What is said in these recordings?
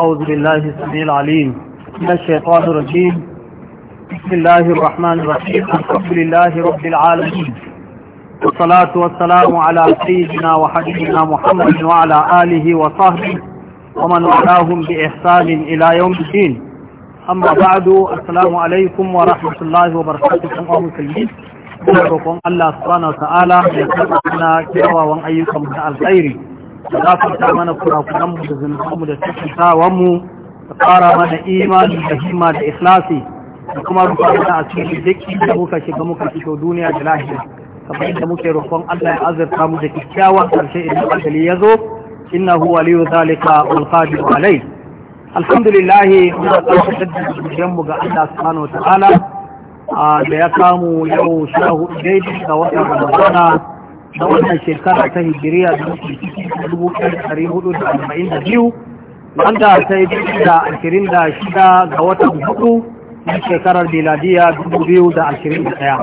أعوذ بالله السميع العليم من الشيطان الرجيم بسم الله الرحمن الرحيم الحمد لله رب العالمين والصلاة والسلام على سيدنا وحبيبنا محمد وعلى آله وصحبه ومن وعلاهم بإحسان إلى يوم الدين أما بعد السلام عليكم ورحمة الله وبركاته أيها المسلمين الله سبحانه وتعالى wa ta'ala وأن أيكم من الخير da gafarta mana kurakuranmu da zunubanmu da tattawanmu da fara mana imani da himma da ikhlasi da kuma rufa mana a cikin da muka shiga muka fito duniya da lahiya kamar yadda muke roƙon Allah ya azurta mu da kyakkyawan ƙarshe idan ajali ya zo hu waliyu zalika wal qadir alai alhamdulillah muna tsarkakar da zuciyarmu ga Allah subhanahu wa ta'ala da ya kamu yau sha hudu daidai ga watan Ramadana na wannan shekara ta hijiriya da muke ciki a dubu hudu da arba'in biyu wanda ta yi da ashirin da shida ga watan hudu na shekarar miladiya dubu biyu da ashirin da ɗaya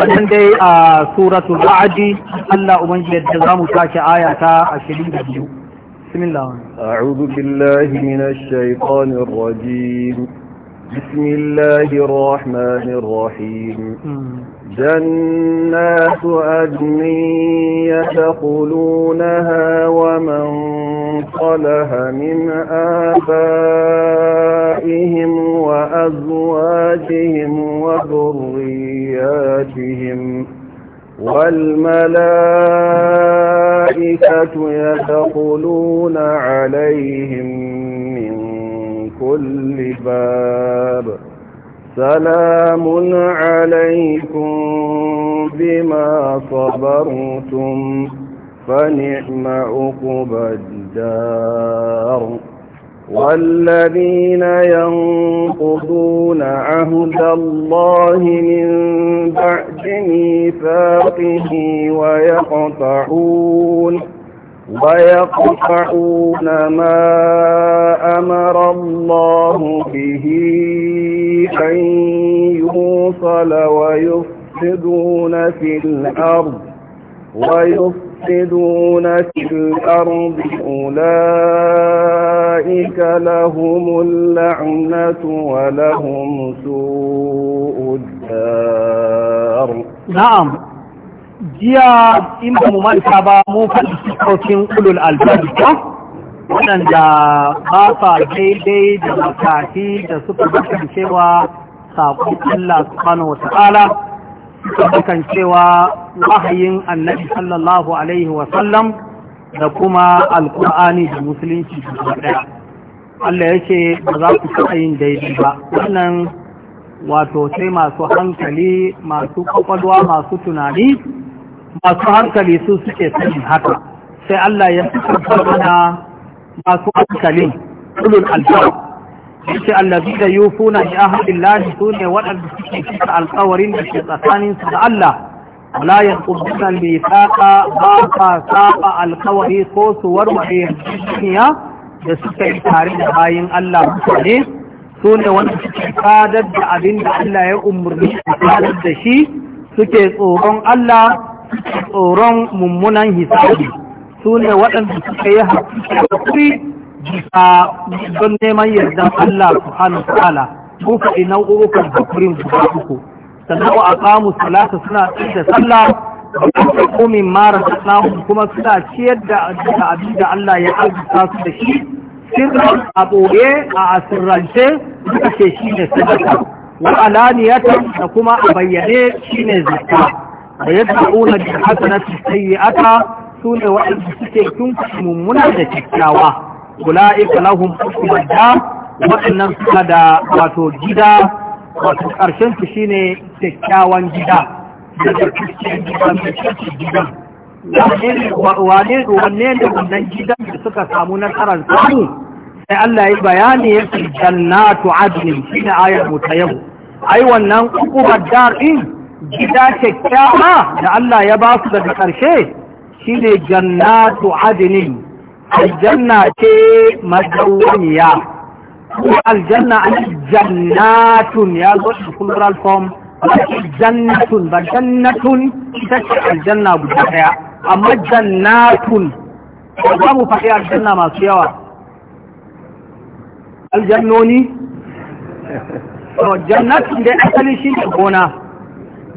wannan dai a suratul ra'adi Allah ubangiji da za mu tashi aya ta ashirin da biyu بسم الله أعوذ بالله من الشيطان الرجيم بسم الله الرحمن الرحيم جنات عدن يدخلونها ومن صلح من آبائهم وأزواجهم وذرياتهم والملائكة يدخلون عليهم من كل باب سلام عليكم بما صبرتم فنعم عقب الدار والذين ينقضون عهد الله من بعد ميثاقه ويقطعون ويقطعون ما أمر الله به أن يوصل ويفسدون في الأرض ويفسدون في الأرض أولئك لهم اللعنة ولهم سوء الدار نعم جيا إن ممن سبا موفد سكوتين أولو الألباب waɗanda ba sa daidai da makafi da suka bakan cewa saƙon Allah subhanahu wata'ala suka bakan cewa wahayin annabi sallallahu alaihi wasallam da kuma alkur'ani da musulunci da ɗaya Allah ya ce ba za ku taɓa yin daidai ba wannan wato sai masu hankali masu kwakwalwa masu tunani masu hankali su suke sanin haka sai Allah ya fi mana masu hankalin ulul albab yace da yufuna bi ahdillahi sune waɗanda suke cika alƙawarin da ke tsakanin su da Allah wala yanquduna al-mithaqa ba ka saba alƙawari ko su warware yarjejeniya da suka yi tare da bayin Allah mutane sune wanda suke fadar da abin da Allah ya umarni su fadar da shi suke tsoron Allah tsoron mummunan hisabi su ne waɗanda suka yi haƙuri bisa don neman yardan Allah subhanahu ta'ala kuka ina ukan haƙurin guda uku sannan wa aqamu salata suna da sallah wa kumin mara sanahu kuma suna ciyar da abin da Allah ya arzuta su da shi sirran a ɓoye a asirrance duka ce shi ne sadaka wa alaniyatan da kuma a bayyane shi ne zakka wa yadda una bi hasanati sayyi'ata su ne waɗanda suke tun mummuna da kyakkyawa Kula ula'ika lahum hukumar da waɗannan suna da wato gida wato ƙarshen su shine kyakkyawan gida daga kyakkyawan gida mai kyakkyawan gidan wanne ne wannan gidan da suka samu nasarar samu sai Allah ya bayani ya fi jannatu adnin ne ayar mu ta yau ai wannan hukumar dar din gida kyakkyawa da Allah ya ba su daga ƙarshe shine jannatu adinin aljanna ce madawwamiya aljanna an jannatun ya zo da plural form jannatun ba jannatun ita ce aljanna guda daya amma jannatun za mu faɗi aljanna masu yawa aljannoni jannatun dai asali shi ne gona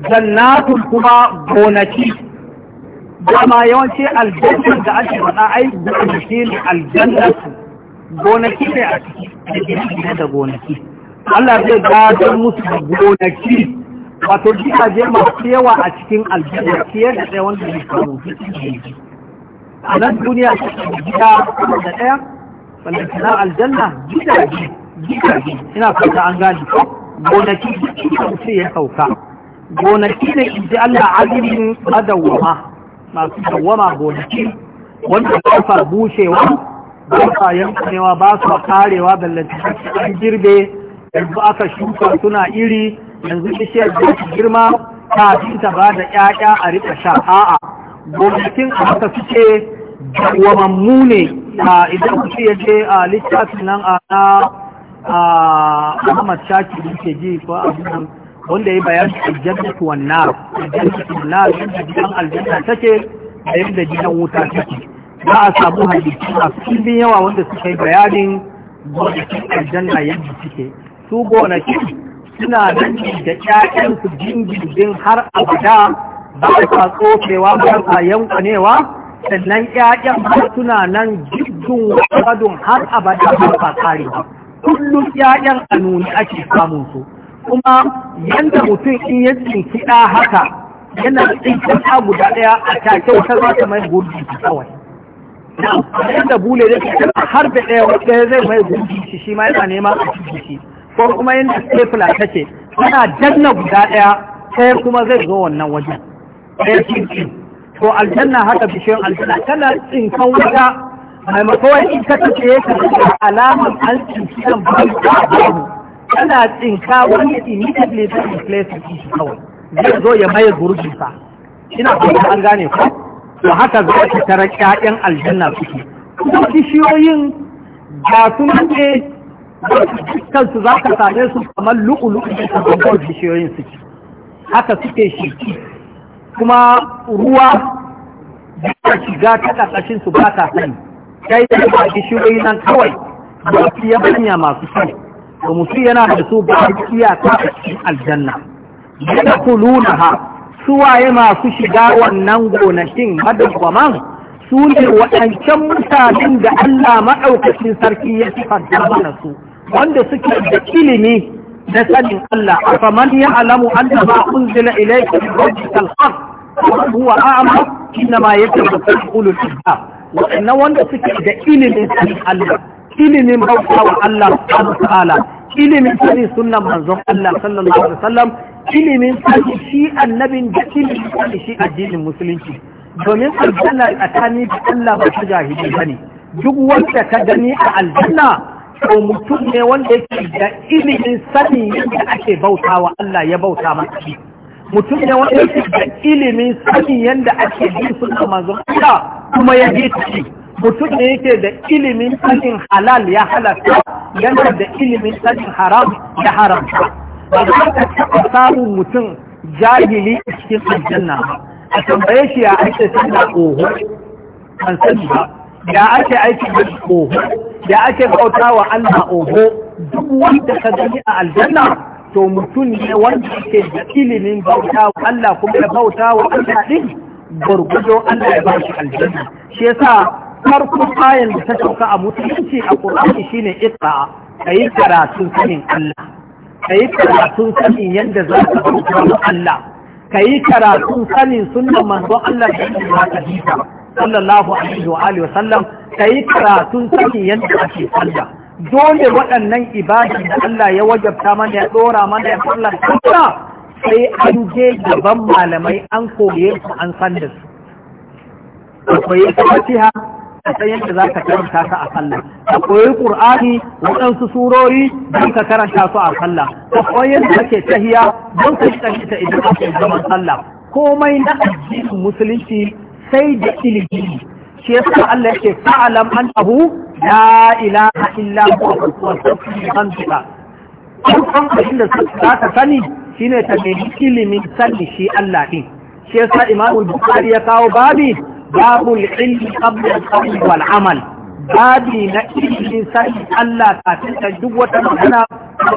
jannatun kuma gonaki dama yawanci aljanna da ake faɗa ai gonaki ne aljanna gonaki ne a cikin da gonaki Allah zai gadon musu gonaki wato gidaje masu yawa a cikin aljanna fiye da ɗaya wanda ya samu a nan duniya ta gida da ɗaya wanda na aljanna gidaje gidaje ina fata an gani gonaki da ya sauka gonaki ne in ji Allah alimin adawama masu dawama gonaki wanda ba sa bushewa ba sa yankanewa ba sa karewa da an girbe yanzu aka shuka suna iri yanzu bishiyar da ta girma ta fi ta ba da 'ya'ya a rika sha a'a gonakin a haka suke dawamammu ne idan ya ce a littafin nan a na Ahmad Shaki da ke ji ko a wanda ya bayan aljannatu wan nar aljannatu wan nar yadda aljanna take a yadda gidan wuta take za a samu hadisi A cikin yawa wanda suka yi bayanin gonakin aljanna yadda suke su gonakin suna nan da su jingirgin har abada ba sa tsofewa ba a yankanewa, sannan ƴaƴan ba suna nan jirgin wadadun har abada ba sa ba, kullum ƴaƴan a nuni ake samun su kuma yanda mutum in ya tsinki haka yana tsinki ɗa guda ɗaya a take wata za ta mai gurbi kawai yanda bule da ke har da ɗaya ɗaya zai mai gurbi shi shi ma yana nema a cikin shi ko kuma yanda ta ce, tana janna guda ɗaya ɗaya kuma zai zo wannan wajen ɗaya tsinki to aljanna haka bishiyar aljanna tana tsinkan wata maimakon in ka ya kasance alamar an tsinki kan babu kana tsinka wani immediately zai replace shi kawai zai zo ya maye gurbin sa ina fata an gane ko to haka za ka tara ƴaƴan aljanna suke kuma kishiyoyin ga su ne su za ka same su kamar lu'ulu'u da sababbin kishiyoyin suke haka suke shi kuma ruwa da shiga ta ƙarƙashin su ba ka sani kai da ba kishiyoyi nan kawai ba su yabanya masu sani to mutum yana da su ba iyaka a cikin aljanna yana kulunaha suwaye masu shiga wannan gonakin madagwaman su ne waɗancan mutanen da Allah maɗaukacin sarki ya sifanta mana su wanda suke da ilimi na sanin Allah a faman ya alamu anna ma unzila ilayka min rabbikal haqq huwa ba a yatabakkalu ulul albab waɗannan wanda suke da ilimin sani Allah ilimin bauta wa Allah subhanahu ta'ala ilimin sani sunnan manzon Allah sallallahu alaihi wasallam ilimin sani shi annabin da ilimin sani shi addinin musulunci domin aljanna tsakani da Allah ba ta jahili bane duk wanda ka gani a aljanna to mutum ne wanda yake da ilimin sani yadda ake bauta wa Allah ya bauta masa mutum ne wanda yake da ilimin sanin yadda ake bi suna manzon Allah kuma ya je ciki mutum ne yake da ilimin sanin halal ya halatta yana da ilimin sanin haram ya haramta ba za ka taɓa samun mutum jahili a cikin aljanna ba a tambaye shi ya ake sanda oho an sani ba ya ake aiki da oho ya ake bauta wa Allah oho duk wanda ka gani a aljanna to mutum ne wanda ke da ilimin bauta wa Allah kuma ya bauta wa Allah din gurgudo Allah ya ba shi aljanna shi yasa farko ayan da ta sauka a mutunci a Qur'ani shine iqra kayi karatun sanin Allah kayi karatun sanin yadda za ka bauta wa Allah kayi karatun sanin sunnan manzo Allah da yadda za ka sallallahu alaihi wa alihi wa sallam kayi karatun sanin yadda ake sallah dole waɗannan ibadan da Allah ya wajabta mana ya ɗora mana ya fallata sai an je gaban malamai an koye su an san da su ka koyi fatiha ka san yadda za ka karanta su a sallah ka koyi qur'ani waɗansu surori don ka karanta su a sallah ka koyi yadda kake tahiya don ka yi ta idan ake zaman sallah komai na addinin musulunci sai da ilimi shi yasa Allah yake fa'alam annahu la ilaha illa huwa wa da za ta sani shine ta nemi ilimin sani shi Allah din shi yasa Imam Bukhari ya kawo babi babul ilmi qabla al-qawl wal amal babi na iri sai Allah kafin duk wata magana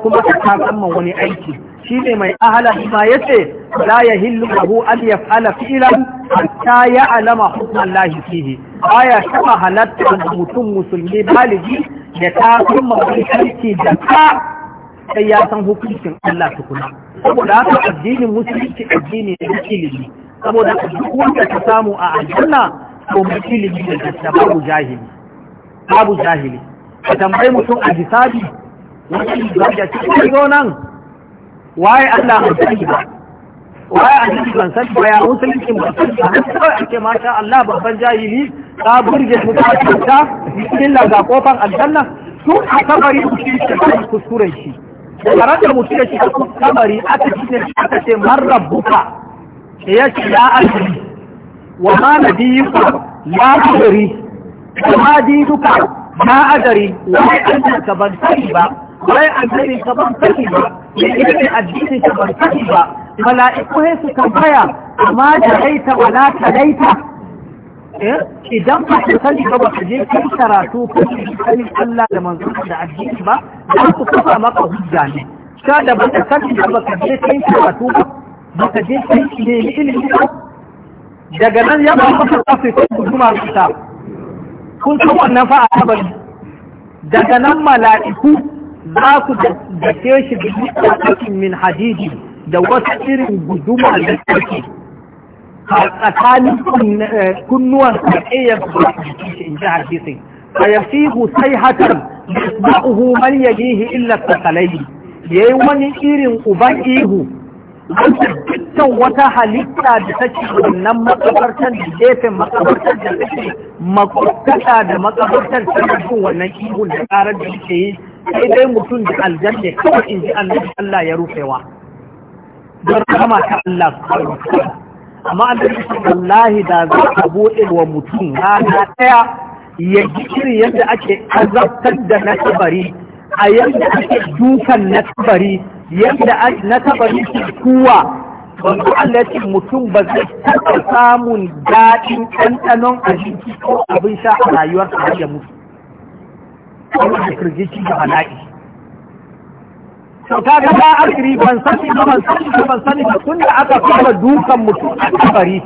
kuma ta kasamma wani aiki shi ne mai ahala ma yace ce la ya hillu abu an ya fa'ala fi'ilan hatta ya alama Allah lahi fihi baya taba halatta mutum musulmi baligi da ta kuma aiki da ka sai ya san hukuncin Allah tukuna saboda haka addinin musulunci addini ne ilimi saboda duk wanda ta samu a aljanna ko mutum ilimi da babu jahili babu jahili ka tambayi mutum a hisabi wani zaga ce kai zo nan waye Allah mai sani ba waye annabi ban sani ba ya musulunci ban sani ba kawai ake masha Allah babban jahili ka burge mu ka ta bismillah ga kofar aljanna su a kabari shi ke kuskuren shi a da mutum ya shiga kabari aka ce aka ce man rabbuka ya ce ya ajiri wa ma nabiyuka ya kabari kuma duka na adari wai annan ka ban sani ba wai annabi ka ban sani ba ne yake addini ka ban sani ba mala'iku sai su tambaya amma da laita wala ta laita eh, idan ba ka sani ba ka je kai karatu ko sanin Allah da manzo da addini ba za ku kafa maka hujja ne ka da ba ka sani ba ka je kai karatu ba ba ka je kai ne ilimi daga nan ya ba maka tafi ko kuma ta kun san wannan fa a kabari daga nan mala'iku za ku dake shi da cikin min hadidi da wasu irin guduma da take a tsakanin eh, kunnuwan sarƙiyar su da shi in ji hadisi fa yasihu sai hatar yasma'uhu man yadihi illa sakalai yayi wani irin uban ihu dukkan wata halitta da take wannan makabartar da gefen makabartar da take makwabtaka da makabartar tana jin wannan ihun da karar da yake yi sai dai mutum da aljanna kawai in ji annabi Allah ya rufewa don kama ta Allah subhanahu wa amma annabi wallahi da za a buɗe wa mutum rana ɗaya ya ji irin yadda ake azabtar da na kabari a yadda ake dukan na kabari yadda na taba yi kuwa wanda Allah ce mutum ba zai taɓa samun daɗin ɗanɗanon abinci ko abin sha a rayuwar ta ya mutu. Kuma da firgici da bala'i. to ga ba kiri ban sani ba ban sani ba ban sani ba tun da aka fara dukan mutum a kabari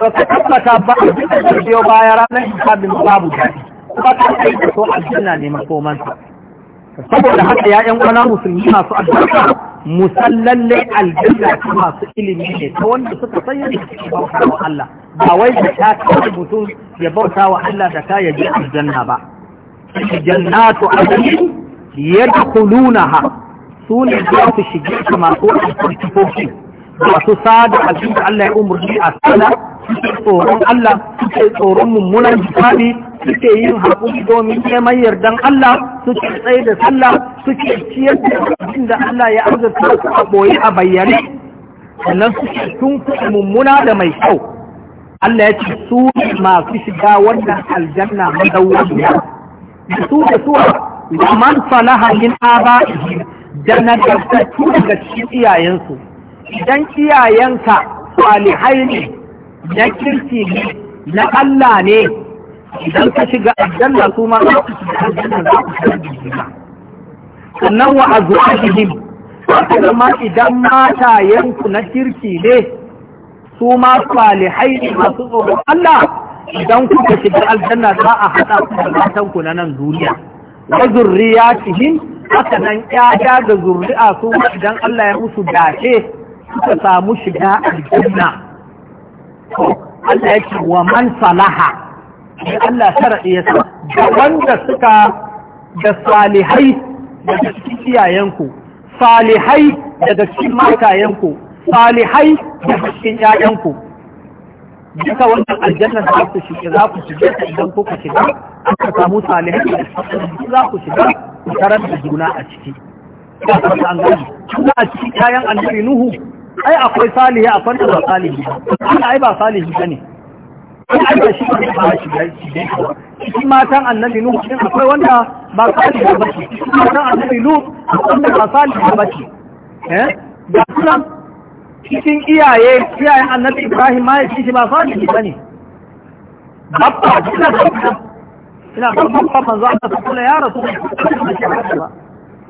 Ba ka tabbata ba a duk da biyo baya ranar hisabin babu daɗi kuma ka kai da so aljanna ne makomansa saboda haka ya yan uwana musulmi masu albarka musallalle aljanna ta masu ilimi ne ta wanda suka san yadda suke bauta wa Allah ba wai da ta kawai mutum ya bauta wa Allah da ta yaji aljanna ba jannatu adani yadkhulunaha sune za su shige masu alfarkofin masu sada abin da Allah ya umarci a sana suke tsoron Allah suke tsoron mummunan jifani suke yin haƙuri domin neman yardan Allah suke tsaye da sallah suke ciyar da abin da Allah ya arzata su a ɓoye a bayyane sannan suke tunkuɗe mummuna da mai kyau Allah ya ce su masu shiga wannan aljanna madawwamiya su da suwa man falaha min Aba da nagartattu daga cikin iyayensu idan iyayenka salihai ne na kirki na Allah ne idan kushiga aljanna su ma ku shiga aljanna sannan wa azwajihim kuma idan yanku na kirki ne suma ma salihai ne masu tsoron Allah idan ku shiga aljanna za a haɗa ku na nan duniya wa zurriyatihim haka nan ƴaƴa da zurri'a su idan Allah ya musu dace suka samu shiga aljanna Allah yake wa man salaha sai Allah sharadi ya sa da wanda suka da salihai daga cikin iyayenku salihai daga cikin makayenku salihai daga cikin iyayenku duka wannan aljanna za ku shiga za ku shiga idan idan kuka shiga aka samu salihai da za ku shiga ku tarar juna a ciki da an gani kuna a cikin kayan annabi Nuhu ai akwai salihi a farko da salihi ba ai ba salihi ba ne ai ba shi ba shi ba shi shi matan annabi nuhu din akwai wanda ba salihi ba shi matan annabi nuhu wanda ba salihi ba shi eh da kuma cikin iyaye iyayen annabi ibrahim ma shi shi ba salihi ba ne babba kina babba ina babba manzo Allah ta kula ya rasu ba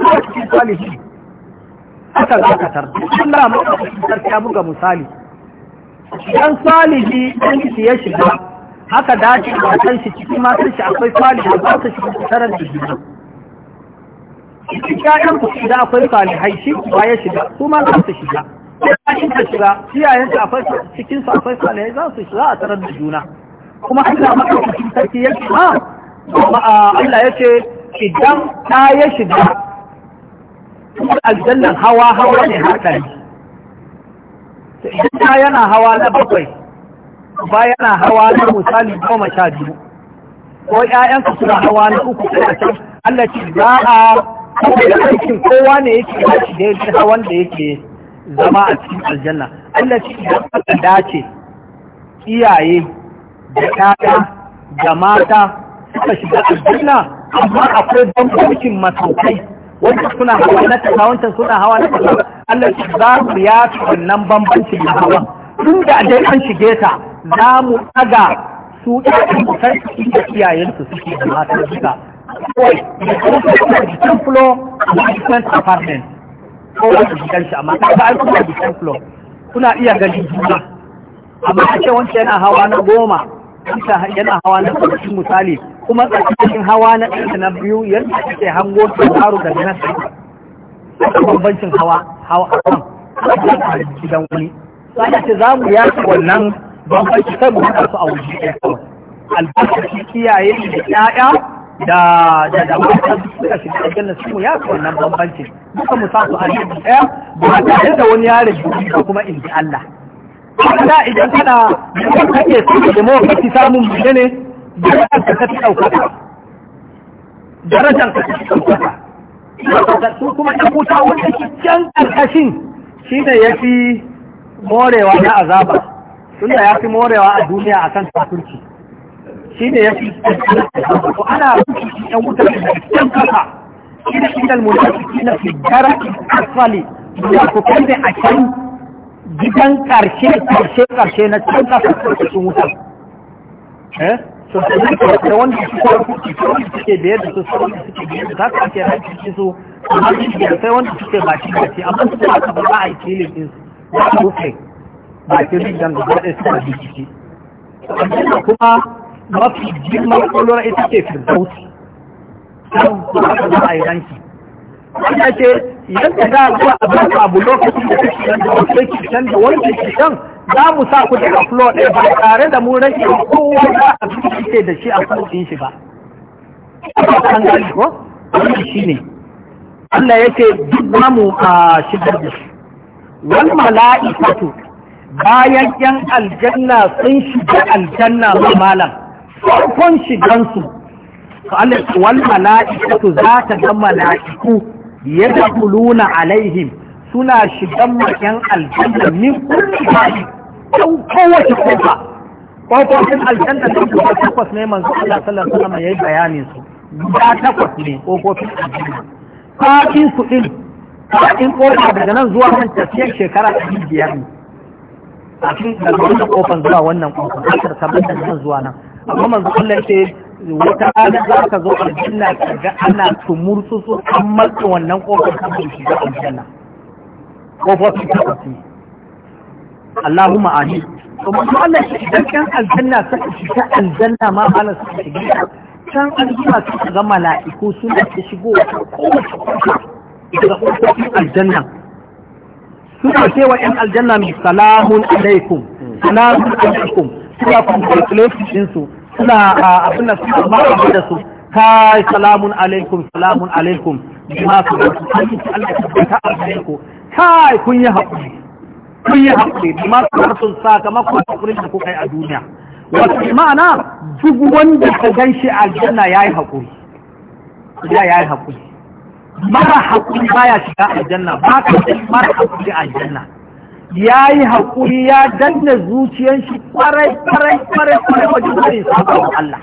ba salihi haka za ka tar Allah maɗaukakin ya buga misali idan salihi ɗan shi ya shiga haka dace a kan shi cikin matan shi akwai salihi ba su shiga tarar da juna cikin ƴaƴan ku shiga akwai salihai shi ba ya shiga su ma za su shiga ƴaƴan ka shiga iyayen ka akwai cikin su akwai salihai za su shiga a tarar da juna kuma Allah maɗaukakin sarki ya shiga ah, Allah ya ce idan ta ya shiga aljannan hawa hawa ne haɗari ta yana hawa na bakwai ba yana hawa na misali goma sha biyu ko ƴaƴansu suna hawa na uku ko a can Allah ce za a da aikin kowa ne yake shi da yake hawan da yake zama a cikin aljanna Allah ce idan aka dace iyaye da ƴaƴa da mata suka shiga aljanna amma akwai bambancin matakai wanda suna hawa na kaza wancan suna hawa na kaza Allah shi za mu ya wannan bambanci da hawan tun da a an shige ta za mu daga su ɗan kusan cikin da iyayen su suke da mata suka kawai da kuma jikin flo a different apartment ko wani jikin shi amma ba an kuma jikin flo kuna iya ganin juna amma a ce wancan yana hawa na goma yana hawa na kwamfashin misali kuma tsakanin hawa na ɗaya na biyu yadda ake hango faru daga nan bambancin hawa hawa kan gidan wani wanda ce za mu yaki wannan bambanci sai mu haɗa su a wuri ɗaya kawai albarkaci kiyaye da ƴaƴa da da da mata suka shiga aljanna su mu yaki wannan bambancin muka mu sa su a wuri ɗaya ba tare da wani yare da kuma in ji Allah. Allah idan kana kake so da mu samun mu ne darajar ka tafi ɗaukaka darajar ka tafi ɗaukaka su kuma ɗan wuta wanda ke can ƙarƙashin shi ne ya fi morewa na azaba tunda ya fi morewa a duniya a kan kafirci shi ne ya fi to ana rufe ɗan wuta da can ƙasa shi ne inda munafiki na fi darajar asfali da ku kai da a can gidan ƙarshe ƙarshe ƙarshe na can ƙasa ƙarƙashin wuta eh? to da duka da wanda su kuma kuki kuma suke biyar da su sauran da suke da za su ake ranci ci su amma da sai wanda suke ba shi ba ce amma su ba ka ba a yi filin din su ba su kai ba ke rin dan gaba amma kuma mafi girman kwallon ita ce firdausi don ba ba a yi ranci wanda ce yadda da zuwa a baka abu lokacin da kake nan da wanda ke can da wanda ke can za mu sa ku daga floor ɗaya ba tare da mu rage kowa za a fi da shi a sauƙin shi ba. An gani ko? wani shi ne. Allah ya ce duk namu a shigar da shi. Wal mala'ikatu bayan yan aljanna sun shiga aljanna ma malam farkon shigansu. Allah ya ce wal mala'ikatu za ta ga mala'iku yadkhuluna alaihim suna shigan makan aljanna min kulli bari ko kowace kofa kofofin aljanna da kuma takwas ne manzo Allah sallallahu alaihi wasallam yayi bayanin su guda takwas ne kofofin aljanna fa'in su din fa'in kofa daga nan zuwa nan cikin shekara biyar ne a cikin daga wannan zuwa wannan kofa har ta nan zuwa nan amma manzo Allah ce wata ana za ka zo aljanna ka ga ana tumursu su an matsa wannan kofar ta bai shiga aljanna kofar su ta ƙasi Allahumma amin kuma Allah shi idan kan aljanna suka shiga aljanna ma Allah suka shiga kan aljanna su ga mala'iku suna su shigo ta kowace kofa daga kofofin aljanna suna cewa yan aljanna mai salamun alaikum salamun alaikum suna congratulations ɗinsu suna abin da suna ma'abu da su kai salamun alaikum salamun alaikum bima su da su kan yi Allah ta ta alaikum kai kun yi haƙuri kun yi haƙuri bima su da su sakamakon haƙurin da kuka yi a duniya wasu ma'ana duk wanda ka gan shi a janna ya yi haƙuri ya yi haƙuri mara haƙuri baya shiga aljanna ba ka mara haƙuri aljanna ya yi haƙuri ya danna zuciyar shi ƙwarai ƙwarai ƙwarai ƙwarai wajen zai saba wa Allah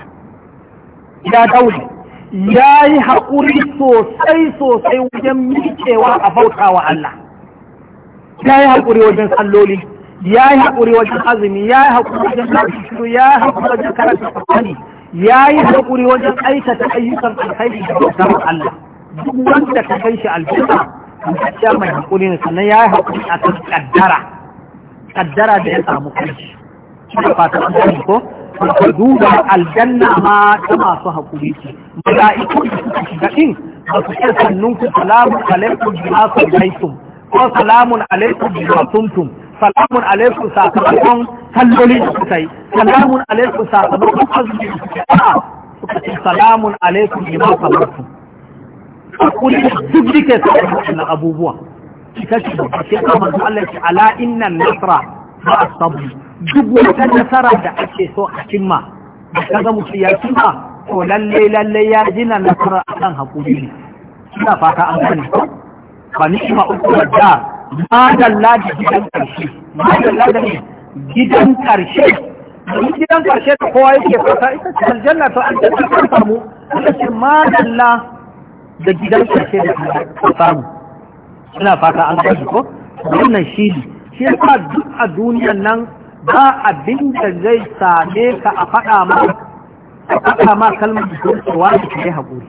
ya daure ya yi haƙuri sosai sosai wajen miƙewa a bauta wa Allah ya yi haƙuri wajen salloli ya yi haƙuri wajen azumi ya yi haƙuri wajen karatu ya yi haƙuri wajen karatu kwani ya yi haƙuri wajen aikata ayyukan alkhairi da bautar Allah duk wanda ka kai shi aljanna gaskiya mai hakuri ne sannan ya yi hakuri a kan kaddara kaddara da ya samu kanshi da fata an sani ko ka duba aljanna ma ta masu hakuri ce mala'iku da suka shiga din ba su ce sannun ku salamu alaikum bima sallaitum ko salamun alaikum bima sumtum salamun alaikum sakamakon kalloli da suka yi salamun alaikum sakamakon azumi da suka yi suka ce salamun alaikum bima sallatum a kullum duk duke su da abubuwa ita ce da ke kamar Allah ce ala innan nasra ba a sabu. duk wata nasara da ake so a cimma da kaga mutum ya cimma to lallai-lallai ya gina nasara a kan hakuri ne ina fata an gane ba ni ma uku da ma da ladi gidan karshe ma da ladi gidan karshe domin gidan karshe da kowa yake fata ita ce aljanna to aljanna ta samu ita ce ma dalla da gidan karshe da samu suna fata an kashi ko wannan shi ne shi yasa duk a duniyan nan ba abin da zai same ka a faɗa ma a faɗa kalmar da ke wani da ke haƙuri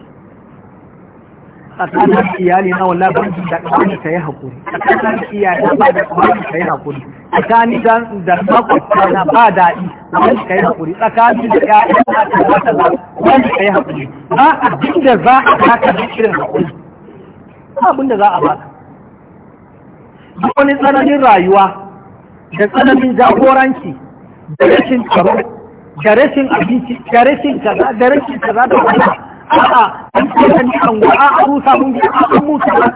tsakanin iyali na wallahi ban da kawai ta yi hakuri tsakanin iyali ba da kawai ta yi hakuri tsakanin da makwabta na ba daɗi ban ka yi hakuri tsakanin da ƴaƴan na ta ba ta ban ka yi hakuri ba abin da za a baka da irin hakuri ba abin da za a ba duk wani tsananin rayuwa da tsananin jagoranci da rashin tsaro da rashin abinci da rashin kaza da rashin kaza da wani a'a an ce ni an wa a rusa mun ji an mutu ba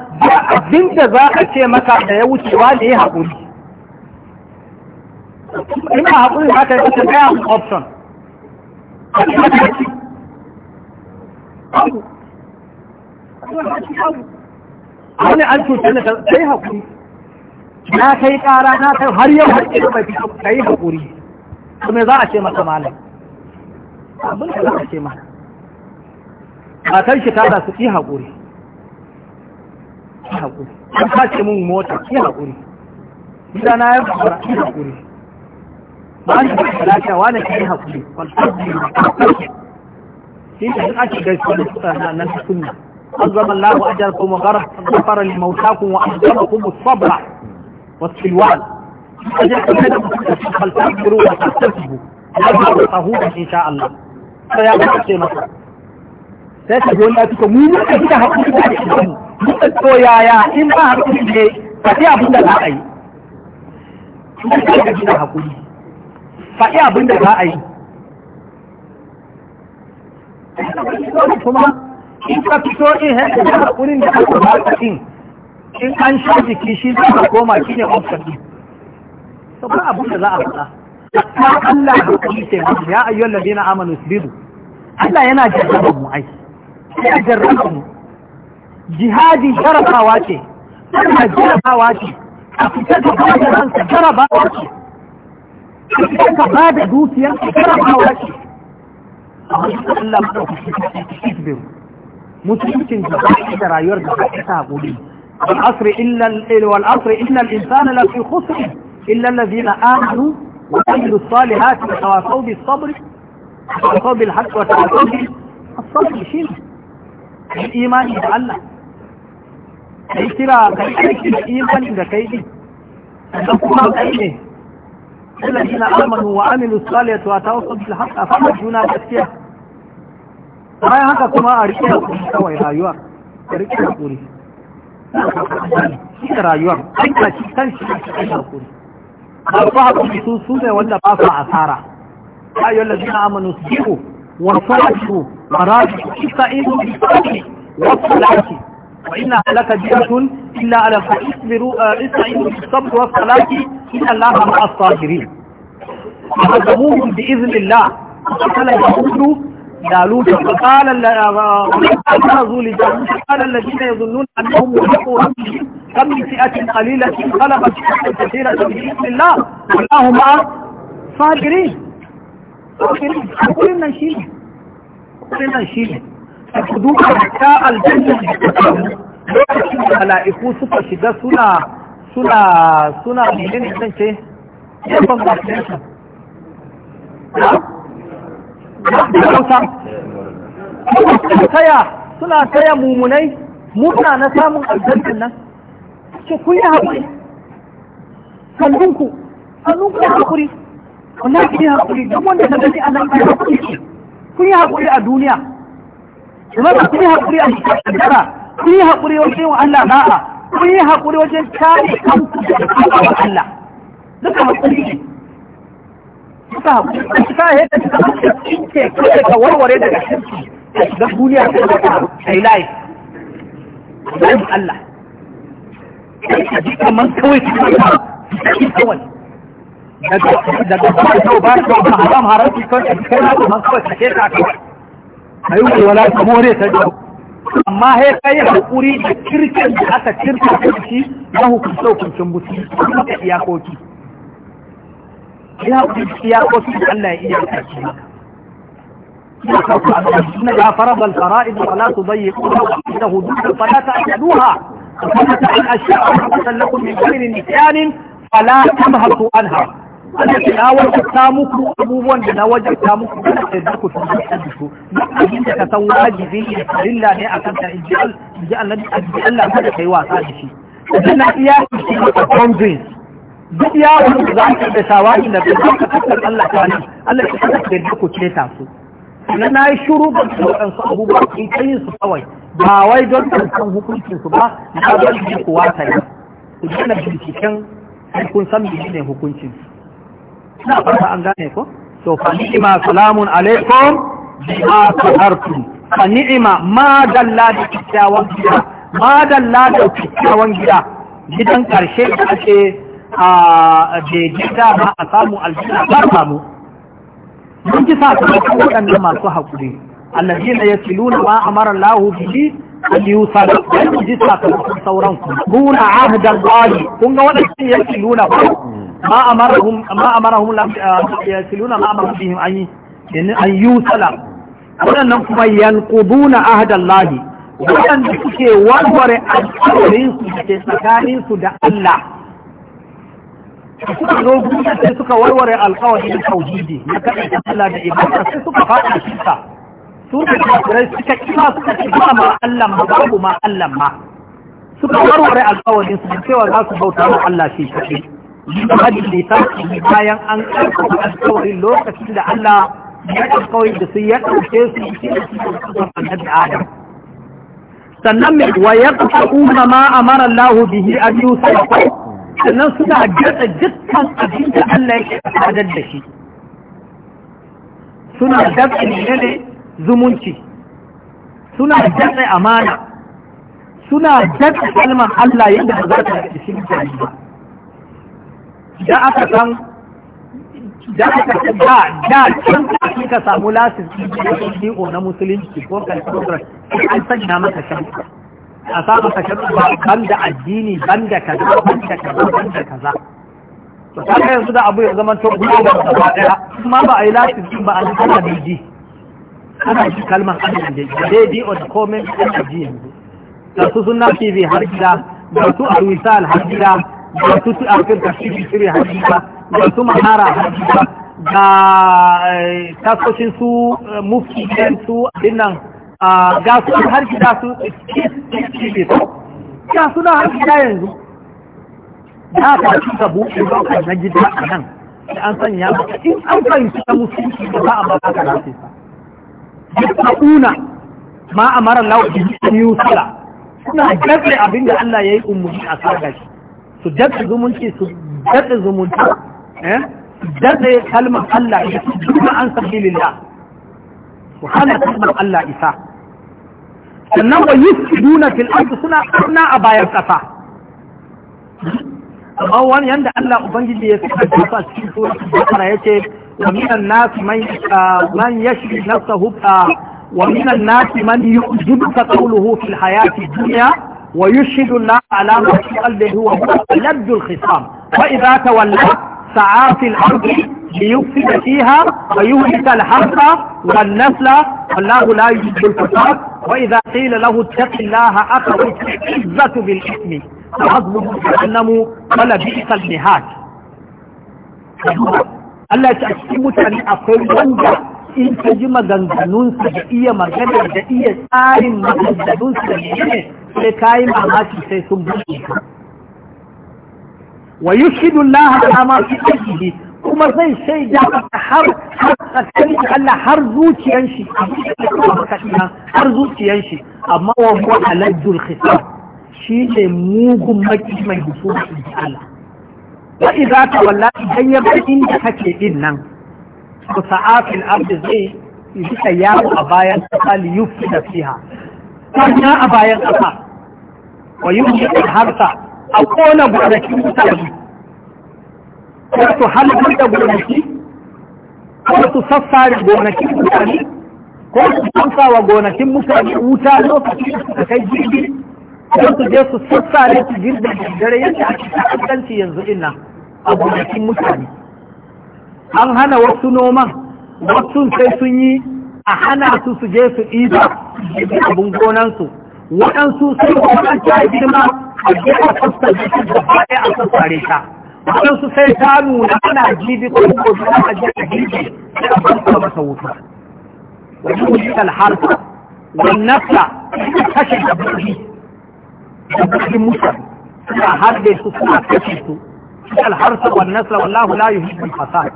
abin da za a ce maka da ya wuce wa da ya haƙuri ina haƙuri za ta yi wata ɗaya option wani an cuta na ta yi haƙuri na kai ƙara na kai har yau har ƙira bai fito ka yi haƙuri kuma za a ce masa malam abin da za a ce maka matan shi ta da su ki haƙuri ki haƙuri an sace mun mota ki haƙuri gida na ya fara ki haƙuri ba ni da lafiya wani ki haƙuri wallahi shi ne ake gaisuwa da suka nan sunna عظم الله اجركم وغفر لموتاكم واحسنكم الصبر والسلوان اجركم فلتغفروا وتحتسبوا اجر طهورا ان شاء الله فيا masa. sai ka zo ya tuka mu ka fita hakuri da shi muka ya yaya in ba hakuri ne faɗi abin da za a yi muka da hakuri faɗi abin da za a yi kuma in ka fito in haka da hakurin da aka ba ka in in an sha jiki shi za ka koma shi ne option din saboda abin da za a faɗa Allah ya ayyuhal ladina amanu sabiru Allah yana jaddada mu aiki sai a jarraba mu jihadi jarabawa ce tana jarabawa ce a fitar da ba da ransa jarabawa ce a fitar da ba da dukiyarsa jarabawa ce a wani Allah maɗaukaki ta mutuncin da ba da rayuwar da ba ta guri والعصر إلا والعصر إن الإنسان لفي خسر إلا الذين آمنوا وعملوا الصالحات وتواصوا بالصبر وتواصوا بالحق وتواصوا بالصبر شيء ka yi imani da Allah ka yi kira ka yi aiki da imani da kai din da kuma kai ne amanu wa الذين wa وعملوا الصالحات bil بالحق أفهموا جنا gaskiya bayan haka kuma a riƙe hakuri kawai rayuwa a riƙe hakuri shi rayuwar aika shi kan shi a hakuri ba ku hakuri su su ne wanda ba su asara ayyuhal ladina amanu sabiqu wa sabiqu مراجع إذ بالصبر والصلاة وإنها لك دينة إلا على فاصبروا استعينوا آه، بالصبر والصلاة إن الله مع الصابرين فعذبوهم بإذن الله فقال يهود جالوت فقال آه، لجالوت قال الذين يظنون أنهم ملاقوا ربهم كم من فئة قليلة خلقت فئة كثيرة بإذن الله والله مع الصابرين صابرين كل من wannan shi ne a ku duka ta aljanna da ta lokacin da mala'iku suka shiga suna suna suna ne ne zan ce ya ban ba ba su su yanka yawan vaccination taya suna taya mumunai muna na samun aljannan nan ce ku yi haƙuri sandunku sandunku ya haƙuri wannan yi haƙuri duk wanda ta gani a nan ya haƙuri kun yi haƙuri a duniya jama'a kun yi haƙuri a shekara kun yi haƙuri wajen wa Allah ba'a kun yi haƙuri wajen kare kanku da wa Allah duka haƙuri ne duka haƙuri yi haƙuri ka warware daga shirki da duniya ta da ta layi Allah Allah kamar kawai daga kawai sau ba su ba haram haram ki kawai kai na kuma kawai sake ka kawai a yi walwala ta more ta jau amma hai kai haƙuri da kirkin da aka kirka ta shi na hukunce hukuncin mutu kuma ka iyakoki iyakoki da Allah ya iya ta shi إن إذا فرض الفرائض فلا تضيقوها وحده دون فلا تعبدوها وكانت عن أشياء لكم من غير نسيان فلا تنهضوا عنها Allah ce na wajabta muku abubuwan da na wajabta muku da da ku tun da su duk abin da ka san wajibi ne farilla ne akan ta inji Allah inji Allah kada kai wasa da shi idan na iya shi ka convince duk yawon da za ka da shawari da duk ka kasar Allah ta ne Allah ya kasar da duk ku ce ta su na na yi shuru da su waɗansu abubuwa in ta yin su kawai ba wai don ɗaukan hukuncin su ba na don shi wasa ne ku dana binciken kun san ne hukuncin su ina fata an gane ko to fa ni'ima salamun alaikum bima sahartum fa ni'ima ma dalla da kyakkyawan gida ma dalla da kyakkyawan gida gidan karshe da ake a jejita ma a samu aljanna ba samu mun ji sakamakon waɗannan masu haƙuri allazina yasiluna ma amara Allahu bihi an yusala mun ji sakamakon sauran ku buna ahdan kun ga waɗanda yasiluna ba ما amarahum ما amarahum لا يسلون ما amarahum بهم an in an yusala ولن kuma ينقضون ahdallahi الله suke warware alƙawarin su da suka zo guda sai suka warware alƙawarin tauhidi na ta Allah da ibada sai suka faɗa shirka su da kafirai suka kima suka ci ma Allah ma babu ma Allah ma suka warware alƙawarin su cewa za su bauta ma Allah shi kaɗai hadisi bayan an karɓi alƙawarin lokacin da Allah ya alƙawari da su ya ɗauke su shi da su annabi Adam sannan mai wa ya umma ma a mara Allah bihi an yusa sannan suna gasa dukkan abin da Allah ya sadar da shi suna gasa ne zumunci suna gasa amana suna gasa kalmar Allah yadda ba za ta shi ba da aka san da aka san da da can kafin ka samu lasis ɗin na musulunci ko kan program an sanya maka shan a sa maka shan ba ban da addini ban da kaza ban da kaza ban da kaza to ta kai yanzu da abu ya zama to gudu da gaba daya kuma ba a yi lasis ba a ji kana biji ana ji kalmar Allah da ya daidai on comment ana ji yanzu da su sunna tv har gida da su alwisal har gida ga su ci a firka shi shirya hajji ba ga su mahara hajji ba ga tasoshin su eh, mufti su abin nan ga su har gida su eh, eh, ga suna har gida yanzu da ka ci ka buɗe ba na gida a nan da an sanya in an fahimci ta musulunci ba za a ba ka lafi sa yaquna ma a mara amara Allah bi yusala suna gabe abinda Allah ya yayi ummi a sarga shi su daɗa zumunci su daɗa zumunta eh? su daɗa kalmar Allah isa su duna an sabilillah su hana kalmar Allah isa sannan wa yusfiduna fil ardi suna karna a bayan ƙasa amma wani yanda Allah ubangiji ya saka su a cikin suratul baqara yace wa minan nas man man yashri nafsahu wa minan nas man yu'jibuka qawluhu fil hayati dunya ويشهد الله على ما في قلبه هو لبد الخصام فإذا تولى سعى في الأرض ليفسد فيها ويهلك الحرث والنسل والله لا يجد الفساد وإذا قيل له اتق الله أخذت العزة بالإثم فحسبه جهنم ولبئس المهاد الله ya ce a in ka ji maganganunsa da iya magana da iya tsarin maganganunsa da ne sai ka yi mamaki sai sun buɗe ka wa yushidu Allah alama fi ajihi kuma zai shaida maka har har tsakanin Allah har zuciyan shi har zuciyan shi amma wa huwa alajjul khisab shi ne mugun maki mai husuma in Allah wa idza tawalla idan ya bar inda kake din nan to sa'afin abdi zai bisa yawo a bayan ƙasa li yufi da fiha ƙarna a bayan ƙasa wa yufi da harsa a ƙona gonakin mutane wato halakar da gonaki su sassare gonakin mutane ko su samsa wa gonakin mutane wuta lokacin da kai jirgi ko su je su sassare su jirgin dare yadda ake ta'addanci yanzu ina a gonakin mutane an hana wasu noman wasu sai sun yi a hana su su je su ida abin gonansu waɗansu sun sai waɗanta girma a je a sassa jikin da baya a sassare ta waɗansu sai ta nuna ana jibi ko ko ta a je a jibi sai a fasa masa wuta wajen wutar harka wannan ta kashe dabbobi dabbobin mutane suna harbe su suna kashe su الحرث والنسل والله لا يحب الحصاد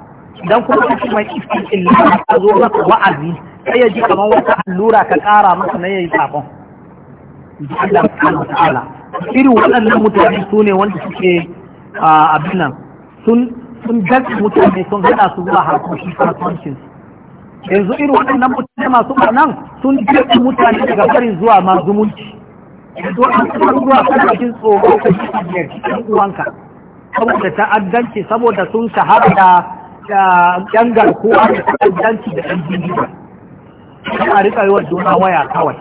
dan kuma kashi mai iskin illa a zo maka wa'azi sai ya ji kamar wata allura ka kara masa na yayi sakon Allah subhanahu ta'ala irin waɗannan mutane su ne wanda suke abin nan sun sun mutane sun haɗa su zuwa harkokin kasuwancin yanzu irin waɗannan mutane masu ɓarnan sun gaske mutane daga farin zuwa ma zumunci yanzu kuma zuwa kasuwancin tsoron kashi a biyar uwanka saboda ta'addanci saboda sun shahara yan garkuwa da ta'addanci da yan jinjiba ba. a rika wa juna waya kawai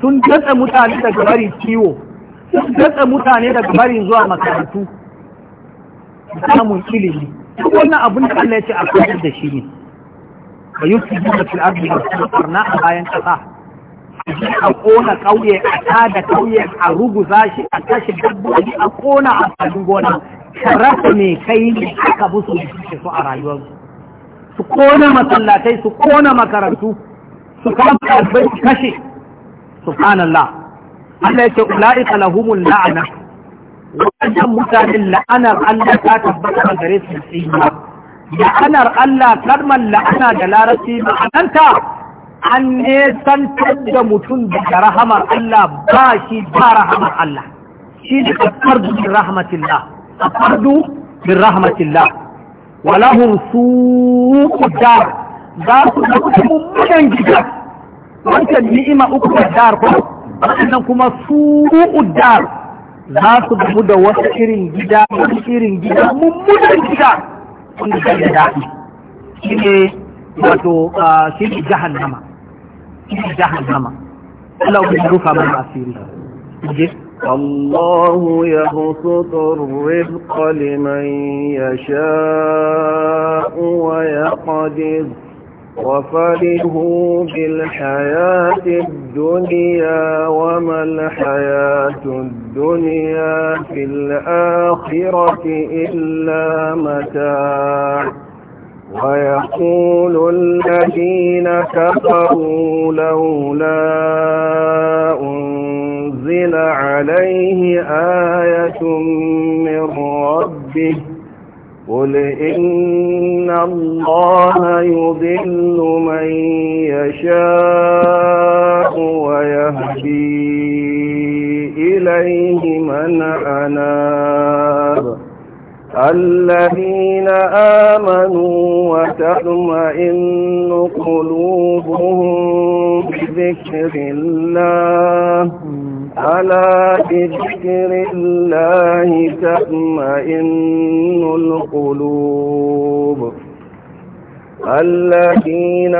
sun datsa mutane daga barin ciwo sun datsa mutane daga barin zuwa makarantu samun ilimi duk wannan abin da Allah ya ce a kawar da shi ne ba yi su da fil ardi da farna a bayan kasa a kona ƙauye a tada ƙauye a ruguza shi a tashi dabbobi a kona amfanin gona sharafa mai kai ne aka busu da suke su a rayuwar su kona masallatai su kona makarantu su kama albai su kashe subhanallah Allah ya ce ula'ika lahumul la'ana wannan mutanen la'anar Allah ta tabbata a gare su tsiya la'anar Allah kalmar la'ana da larabci ma'ananta an nesantar da mutum da rahamar Allah ba shi ba rahamar Allah shi da kasar rahmatillah fardu min rahmatillah wa lahum suqu dar za su da mummunan gida wancan ni'ima uku da dar ko wannan kuma suqu dar za su gamu da irin gida Wasu irin gida mummunan gida wanda da daɗi shi wato shi jahannama الله يبسط الرزق لمن يشاء ويقدر وفرحوا بالحياة الدنيا وما الحياة الدنيا في الآخرة إلا متاع ويقول الذين كفروا لولا أنزل عليه آية من ربه قل إن الله يضل من يشاء ويهدي إليه من أناب الذين آمنوا وتطمئن قلوبهم بذكر الله على ذكر الله تطمئن القلوب الذين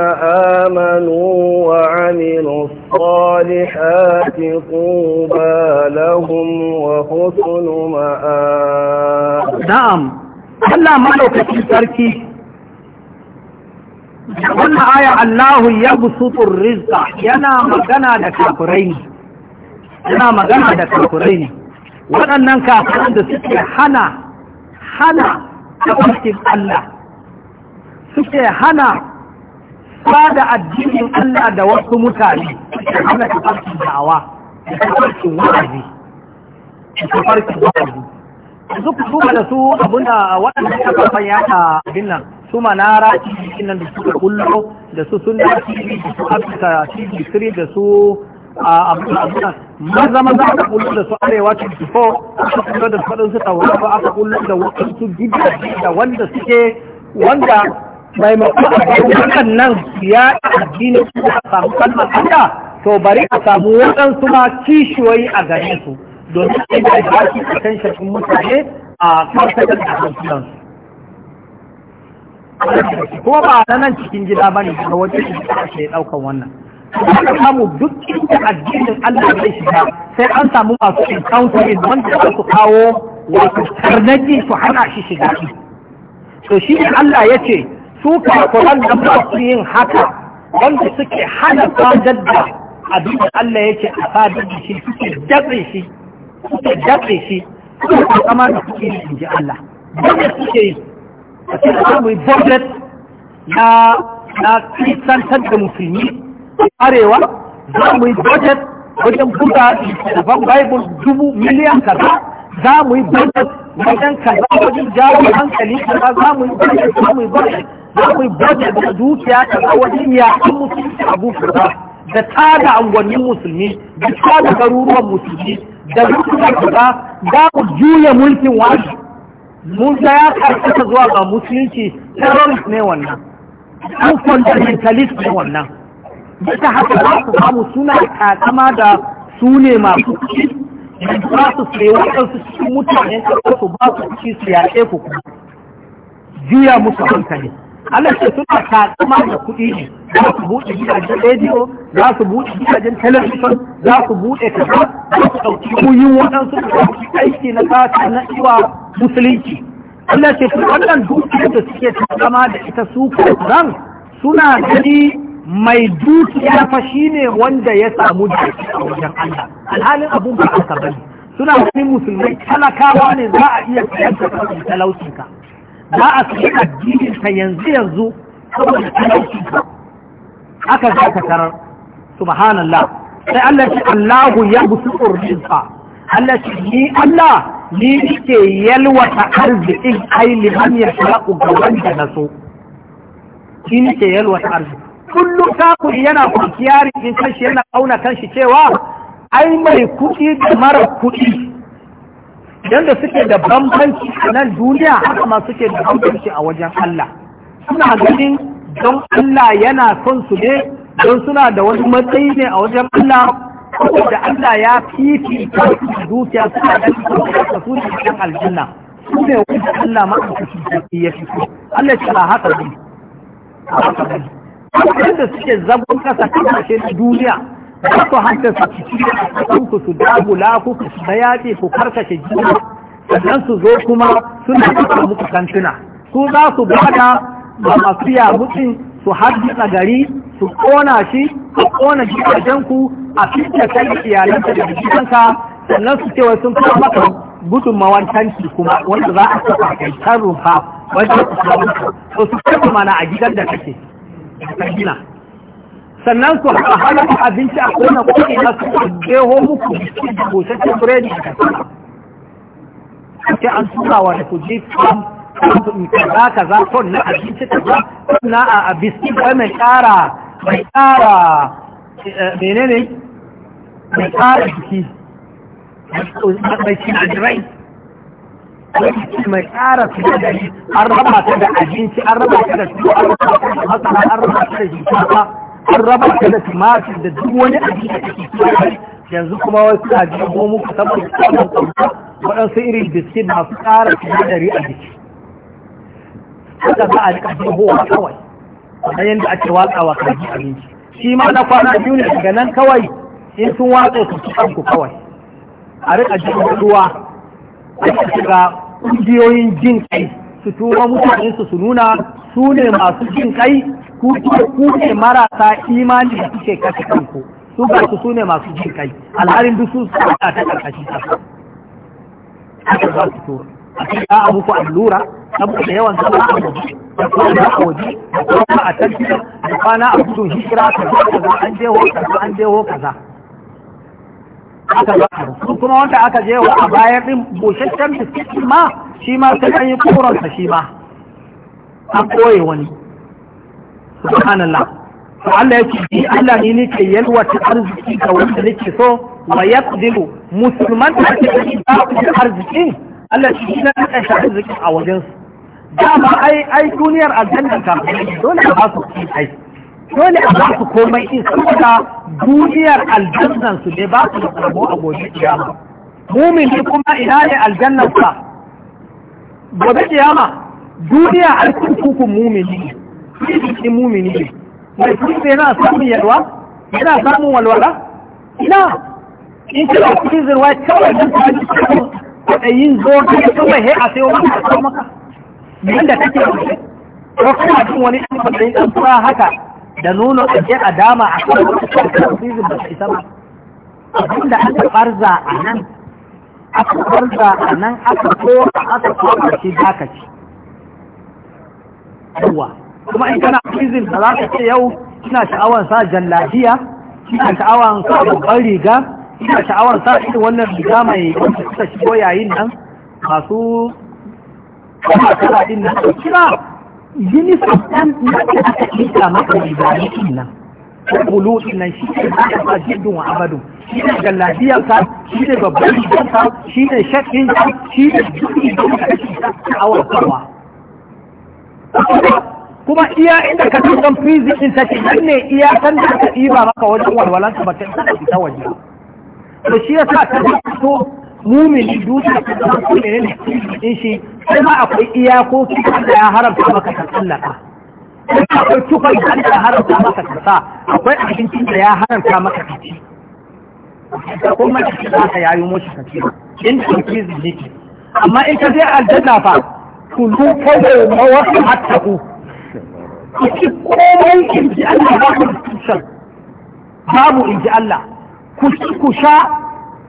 آمنوا وعملوا الصالحات الصالحات طوبى لهم وحسن مآب نعم هلا ملك التركي wannan aya Allahu ya busutun rizqa yana magana da kafirai ne yana magana da kafirai waɗannan kafiran da suke hana hana ƙarfin Allah suke hana ba da addinin Allah da wasu mutane da kuma tafarkin dawa da tafarkin wa'azi da tafarkin wa'azi yanzu ku suma da su abinda waɗanda suka ya ta abin nan su manara cikin nan da suka kullo da su sun da tv da su afirka tv 3 da su maza maza aka kullo da su arewa 24 aka kullo da su faɗin su tawarwa aka kullo da wasu gidaje da wanda suke wanda maimakon abokan nan ya addini su a samu kalmar Allah to bari a samu waɗansu ma kishiyoyi a gare su domin yi da shi a kan shafin mutane a karkatar da hankulan kuma ba na nan cikin gida ba ne daga wajen shi ke ɗaukan wannan aka samu duk inda addinin Allah zai shiga sai an samu masu encountering wanda za su kawo wato karnaki su hana shi shiga to shi Allah ya ce su kafiran da ba su yin haka wanda suke hana sadar da abin da Allah ya ce a sadar da shi suke daɗe shi suke daɗe shi suke kama da kuɗi da inji Allah wanda suke yi a cikin samun budget na na kristantar da musulmi arewa za mu yi budget wajen buga littattafan bible dubu miliyan kaza za mu yi budget wajen kaza wajen jawo hankali kaza za mu yi budget za mu yi budget za akwai bada da dukiya ta wajen yaƙin musulunci abu firza da tada angonin musulmi da tada garuruwan musulmi da rukunan firza za ku juya mulkin wani musa ya ta zuwa ga musulunci terrorist ne wannan an fundamentalist ne wannan bisa haka za su samu suna kakama da su ne masu kuɗi yanzu su sai waɗansu cikin mutane ƙasar su ba su ci su yaƙe ku juya musu hankali Allah ce suna tatsuma da kuɗi ne za su buɗe gidajen rediyo za su buɗe gidajen talabijin za su buɗe kaza za su ɗauki kuyin waɗansu da ɗauki aiki na sata na iwa musulunci Allah ce su wannan dukiyar da suke tatsama da ita su ran suna gani mai dukiya fa ne wanda ya samu jiki a wajen Allah alhalin abun ba aka bane suna ganin musulmai talakawa ne za a iya sayar da talaucinka za a fi addinin ka yanzu yanzu saboda talauci haka za ka karar subhanallah sai Allah ce Allahu ya busu sa. Allah ce ni Allah ni nike yalwata arzikin ai liman ya shaku ga wanda na so ni nike yalwata arziki kullum taku yana kwanciya rikin kanshi yana auna kanshi cewa ai mai kuɗi da mara kuɗi yadda suke da bambanci a nan duniya haka ma suke da bambanci a wajen Allah suna ganin don Allah yana son su ne don suna da wani matsayi ne a wajen Allah da Allah ya fifita su dukiya suna da su ne cikin aljanna su ne wanda Allah ma a cikin sarki ya fito Allah ya haka ne a haka ne yadda suke zagon kasa kasashe na duniya za ku haddasa ciki a kanku su dagula ku su mayaƙi ku karkace juna sannan su zo kuma suna kafa muku kantuna su za su bada ba masu yamutsin su haddasa gari su ƙona shi su ƙona gidajenku a fiye kai iyalanta da gidanka sannan su cewa sun fara maka gudunmawan tanki kuma wanda za a kafa kai karu ha wajen su su kafa mana a gidan da kake sannan su hana abinci a kuna kuɗi na su jeho muku da busasshen biredi a kasa an tura wa da ku kan kaza kaza ton na abinci kaza na a abisi mai ƙara mai ƙara eh, ne mai ƙara jiki mai sinadirai mai ƙara sinadari an da abinci an raba ta da su an raba ta da masana an raba ta da shinkafa an raba ka da tumatir da duk wani abin da kake kiyaye yanzu kuma wai kuna jibo muku saboda samun kwamfa waɗansu irin biskit masu ƙara sinadari a jiki haka za a rika jibowa kawai kamar yadda ake watsa wa kaji abinci shi ma na kwana biyu ne daga nan kawai in sun watsa su ci kanku kawai a rika jibo ruwa a rika shiga ƙungiyoyin jin kai su tura mutanen su su nuna su ne masu jin kai ku ne marasa imani da suke kashe kanku su ga su ne masu jin kai alharin duk su suka ta karkashi ta haka za su tura a cikin za a muku allura saboda yawan zama a waje da kwana a waje da kwana a tarbiyya da kwana a gudun hijira kaza kaza an je ho kaza an je ho kaza aka ba su kuma wanda aka je wa a bayan din bushashshen biskit ma shi ma sai an yi koronsa shi ma an koye wani subhanallah to Allah yake Allah ne nake yalwata arziki ga wanda nake so wa yaqdiru musulman arziki Allah shi ne ya kashe arziki a wajen su dama ai ai duniyar aljanna ta dole a ba su ai dole a ba su komai in saboda duniyar aljannan su ne ba su da rabo a gobe kiyama mumini kuma ina ne aljannan sa gobe kiyama duniya alkunkukun mumini ne cikin mumini ne mai kuɗi yana samun yalwa yana samun walwala ina in ci kira cikin zirwa kawai don ta ji kwaɗayin zo ta yi kawai he a sai sayo maka a maka yadda kake yi ko kana jin wani ɗan kwaɗayin ɗan fura haka da nono ɗauke a dama a kan wata kwaɗayin ba ta isa ba da aka barza a nan aka barza a nan aka ko aka ko a shi ka ci yawa kuma in kana izin da za ka ce yau ina sha'awar sa jallabiya ina sha'awar sa babban riga ina sha'awar sa irin wannan riga mai wanda suka shigo yayin nan masu kuma kala din nan kira uniform ɗan na da aka kira maka riga ne nan bulu nan shi ne ba jiddun wa abadu shi ne galladiyarsa shi ne babban rigarsa shi ne shakinsa shi ne duk rigar da kake sha'awar kawa kuma iya inda ka tukan prison din take nan ne iya san da ka ba maka wajen walwalan ka bata ta waje to shi yasa ta to mumini duka ta zama ko ne ne din shi sai ma akwai iyakoki da ya haramta maka ka tsallaka akwai tukar da ya haramta maka ka sa akwai abincin da ya haramta maka ka ci da kuma shi da ka yayi moshi ka ci in ka prison ne amma in ka je aljanna fa kulu kawai mawasu hattaku kuci komai in ji Allah ba ku babu in ji Allah ku ci ku sha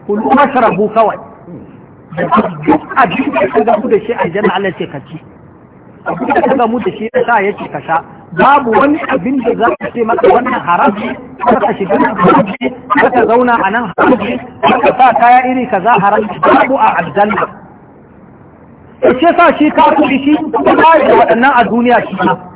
ku masharabu kawai duk abin da ka gamu da shi aljanna Allah ce ka ci abin da ka gamu da shi ya sha ya ce ka sha babu wani abin da za ka ce maka wannan haram kar ka shiga nan haram kar ka zauna a nan haram kar ka sa kaya iri ka za haram babu a aljanna ce sa shi kafin shi kuma da waɗannan a duniya shi ma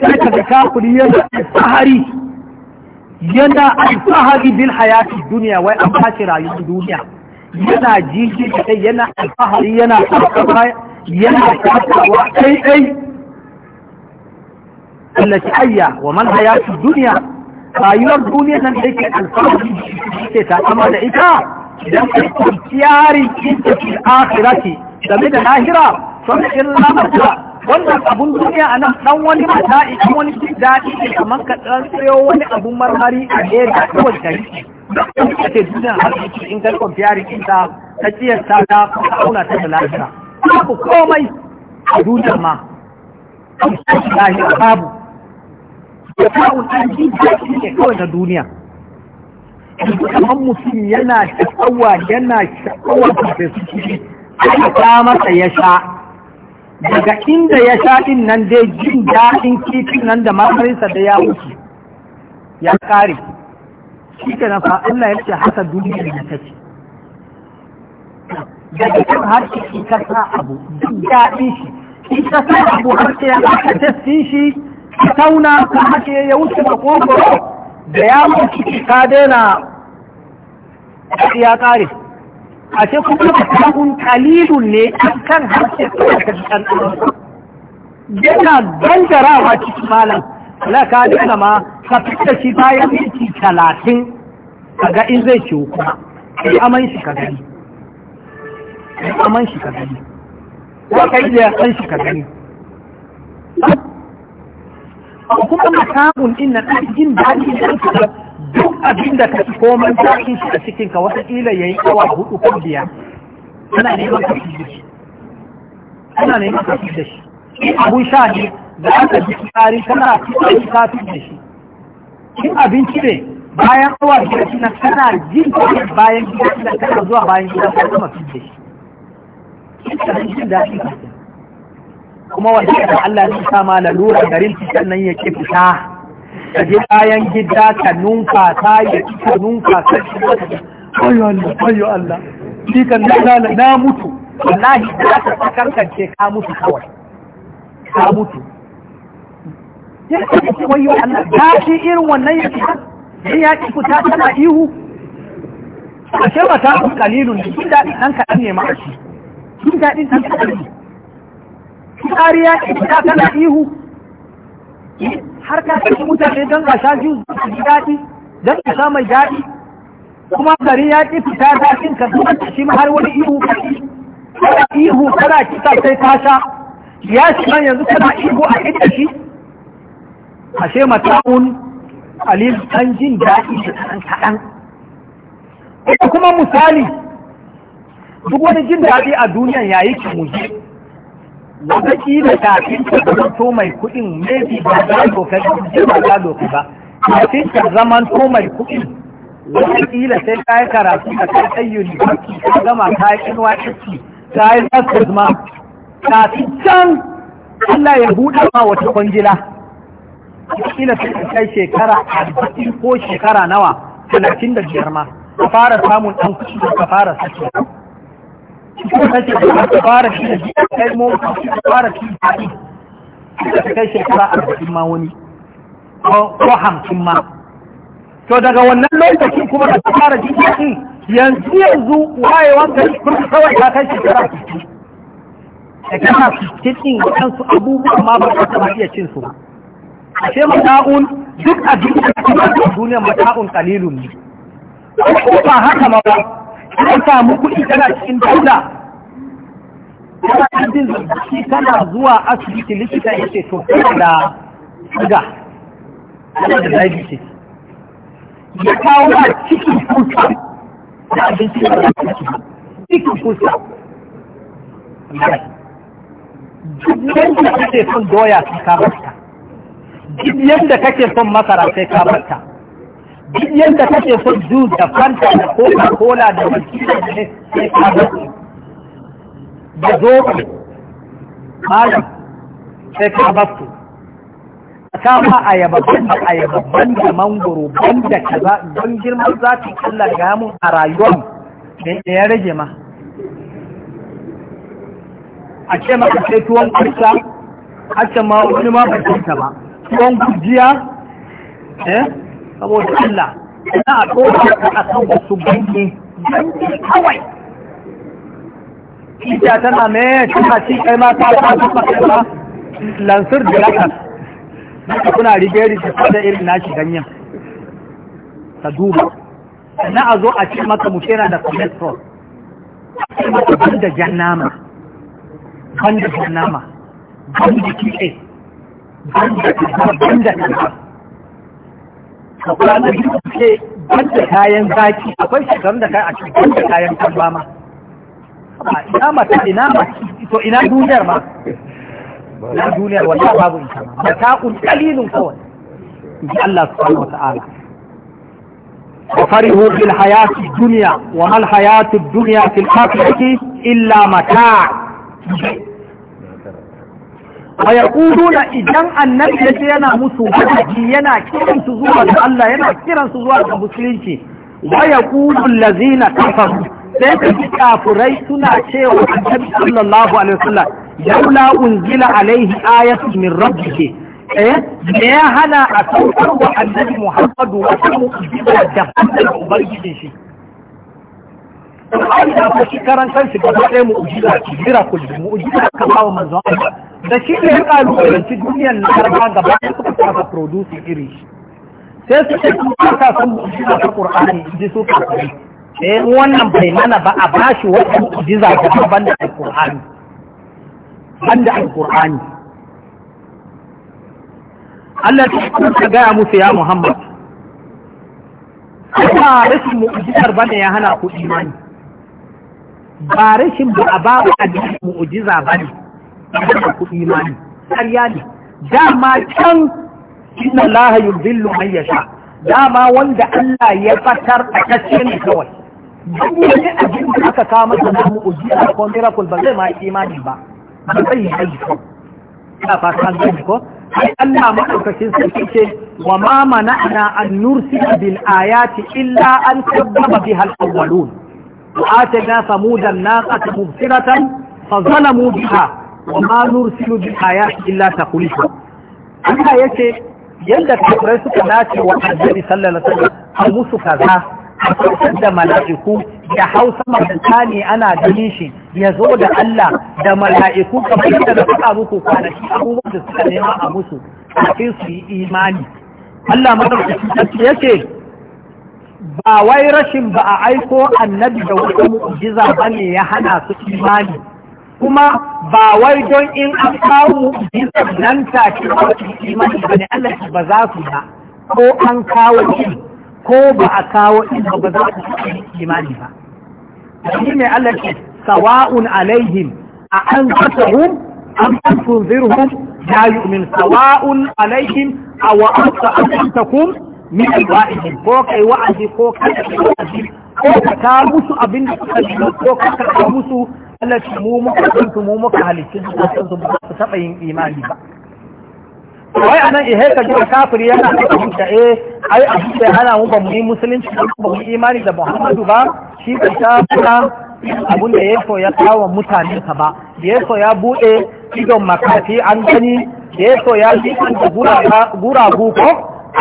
sai ka ga kafiri yana alfahari yana alfahari bil hayati duniya wai an bashi rayuwar duniya yana jiki da kai yana alfahari yana alfahari yana kasawa kai kai allati ayya wa man hayatu duniya rayuwar duniya nan da yake alfahari ke ta kama da ita idan ka kwanciyari kinta fil akhirati game da lahira fa illa ma wannan abun duniya a nan dan wani daɗi dan wani daɗi ne kamar ka dan tsayo wani abun marmari a ɗaya da kawai gari ka ce duniya har yake in kai kwamfiyari in ta ta ciyar ta ta auna ta da lafiya babu komai a duniya ma lafiya babu ya kawo ɗan jiki ne kawai na duniya kamar mutum yana shakawa yana shakawa da suke ta masa ya sha daga inda ya sha din nan dai jin daɗin kifin nan da marmarinsa da ya wuce ya ƙare shi ke nan Allah ya ce haka duniya da ta ce daga kan har shi ka sa abu jin daɗin shi shi ka sa abu har sai aka testin shi ka tauna ka hake ya wuce da kogoro da ya wuce ka daina ya ƙare a ce kuma ka ta'un kalilun ne a kan harshe kawai ka ji ɗan ɗan yana gangarawa cikin malam la ka dana ma ka fita shi bayan minti talatin kaga in zai ce kuma kai aman shi ka gani kai aman shi ka gani ko yi da san shi ka gani kuma samun din na jin daɗi da duk abin da ka ci komai sa'in shi a cikin ka wataƙila ya yi awa hudu ko biyar ana neman ka fi da shi ana neman ka fi da shi in abun sha ne da aka ji tsari kana fi da shi ka fi da shi in abinci ne bayan awa biyar shi nan kana jin kuɗi bayan gida shi nan kana zuwa bayan gida ka kuma fi da shi in ka fi jin daɗi ka kuma wanda Allah ya sa ma lalura garin cikin nan yake fita ka je bayan gida ka nunka ta yi ka nunka ta ayyo Allah ayyo Allah shi kan na na mutu wallahi za ka sakarkance ka mutu kawai ka mutu ya ce wayo Allah ta shi irin wannan ya ce sai ya ki fita tana ihu a ce ba ta kun kalilun ne kin daɗin ɗan kaɗan ne ma a shi kin daɗin ɗan kaɗan ne kariya ki fita tana ihu har ka ɗauki mutane don ka sha su ji daɗi don ka sha mai daɗi kuma gari ya ƙi fita daɗin ka zuwa ta shi har wani ihu ka ihu kana ihu kana kisa sai ka sha ya shi man yanzu kana ihu a inda shi ashe mata'un alil An jin daɗi da kaɗan kaɗan kuma misali duk wani jin daɗi a duniyan yayi ki muji wata kila kafin ka zamanto mai kuɗin bi ba za doka ji ba za doki ba kafin ta zamanto mai kuɗin wata kila sai ka yi karatu ka kai kai university ka gama ka yi NYSC ka yi masters ma kafin can Allah ya buɗe ma wata kwangila kila sai ka kai shekara arba'in ko shekara nawa talatin da biyar ma ka fara samun ɗan kuɗi ka fara sakewa ko kace da ka fara shi kai mu ka fara shi kai ka kai shekara arba'in ma wani ko hamsin ma to daga wannan lokacin kuma ka fara shi kai yanzu yanzu wayewan gari kun kawai ka kai shekara 60 shekara 60 din wadansu abubuwa ma ba ka iya cin su ba ashe mata'un duk a duniya mata'un kalilun ne ko ba haka ma ba ka samu kuɗi tana cikin dauda kana cikin zazzabi tana zuwa asibiti likita ya ce to kana da shiga kana da zaibi ce ya kawo a cikin kusa da abinci da abinci cikin kusa duk yadda kake son doya sai ka barta duk yadda kake son masara sai ka barta duk yadda kake son juice da fanta da coca cola da wakilin da ne sai ka ga da zoɓe malam sai ka ba su a ma ayaba banda ayaba banda mangoro banda kaza don girman zafin Allah ga mun a rayuwar da ya rage ma a ce maka sai tuwon kursa a ce ma wani ma ba ba tuwon kujiya eh saboda Allah na a ɗora ka a kan wasu banki banki kawai ita tana mai tana ci kai ma ta ta ta lansir da lakas naka kuna rigeri da kada irin nashi ganyen ta duba na a zo a ce maka mutum yana da cholesterol a ce maka ban da jan nama ban da jan nama ban da kike ban da ban da ka kwana biyu ce banda kayan zaki akwai shekarun da kai a cikin banda kayan kalma ma ina mata ina mata to ina duniyar ma ina duniyar wallahi babu ita ma mata un kalilun kawai in Allah subhanahu wata'ala wa farihu bil hayati dunya wa mal hayatu dunya fil akhirati illa mata' wa yaquluna idan annabi yace yana musu wa'azi yana kiran su Allah yana kiransu su zuwa ga musulunci wa yaqulu allazina kafaru sai ka kafurai suna cewa annabi sallallahu alaihi wasallam laula unzila alaihi ayatu min rabbih eh me ya hana a saukar wa annabi Muhammadu wata mu'jiza da hannun ubangijin shi Qur'ani da kuma shi karan kanshi gaba ɗaya mu'jiza ce miracle ne mu'jiza ka bawa manzon Allah da shi ne ya kalubalanci duniyar na harba gaba ɗaya suka kasa produce iri sai su ce kuma ka san mu'jiza ta Qur'ani ji su ka kai eh wannan bai mana ba a bashi wata mu'jiza ta banda Al-Qur'ani banda Al-Qur'ani Allah ta gaya musu ya Muhammad Ina rashin mu'jizar bane ya hana ku imani ba rashin ba a ba wa addini mu'ujiza ba ne kuɗi ma ne ƙarya ne dama can inna laha yudhillu man yasha dama wanda Allah ya fatar a kace ne kawai duk wani abin da aka kawo masa na mu'ujiza ko miracle ba zai ma imani ba ba zai yi aiki ina fata an gani ko ai Allah madaukakin sarki ce wa ma mana'na an nursila bil ayati illa an kazzaba biha al-awwalun وآتنا ثمود الناقة مبصرة فظلموا بها وما نرسل بالآيات إلا تخليفا Allah ya yace yadda kafirai suka dace wa annabi sallallahu alaihi wasallam musu kaza a kautar da mala'iku da hausa manta ne ana ganin shi ya zo da Allah da mala'iku kamar yadda da suka muku kwanaki abubuwan da suka nema a musu kafin su yi imani Allah madaukakin sarki ya ce ba wai rashin ba a aiko annabi da wata mu'jiza ba ne ya hana su imani kuma ba wai don in an kawo mu'jizar nan ta ce imani ba ne Allah ba za su ba ko an kawo shi ko ba a kawo in ba za su imani ba shi ne Allah ke sawa'un alaihim a an kasahum am an tunzirhum la yu'min sawa'un alaihim aw an ta'amtakum min alwa'idin ko kai wa'azi ko ka wa'azi ko ka ka musu abin da suka yi ko ka ka musu Allah shi mu muka san su mu muka halicci su san su ba su taba yin imani ba wai anan ihe eh, ka ji kafiri yana da hujja eh ai abin da hana mu ba mu yi musulunci ba mu yi imani da Muhammadu ba shi ka ta abin da ya ya kawo mutane ka ba ya ya bude idon makafi an gani ya ya ji gura guragu ko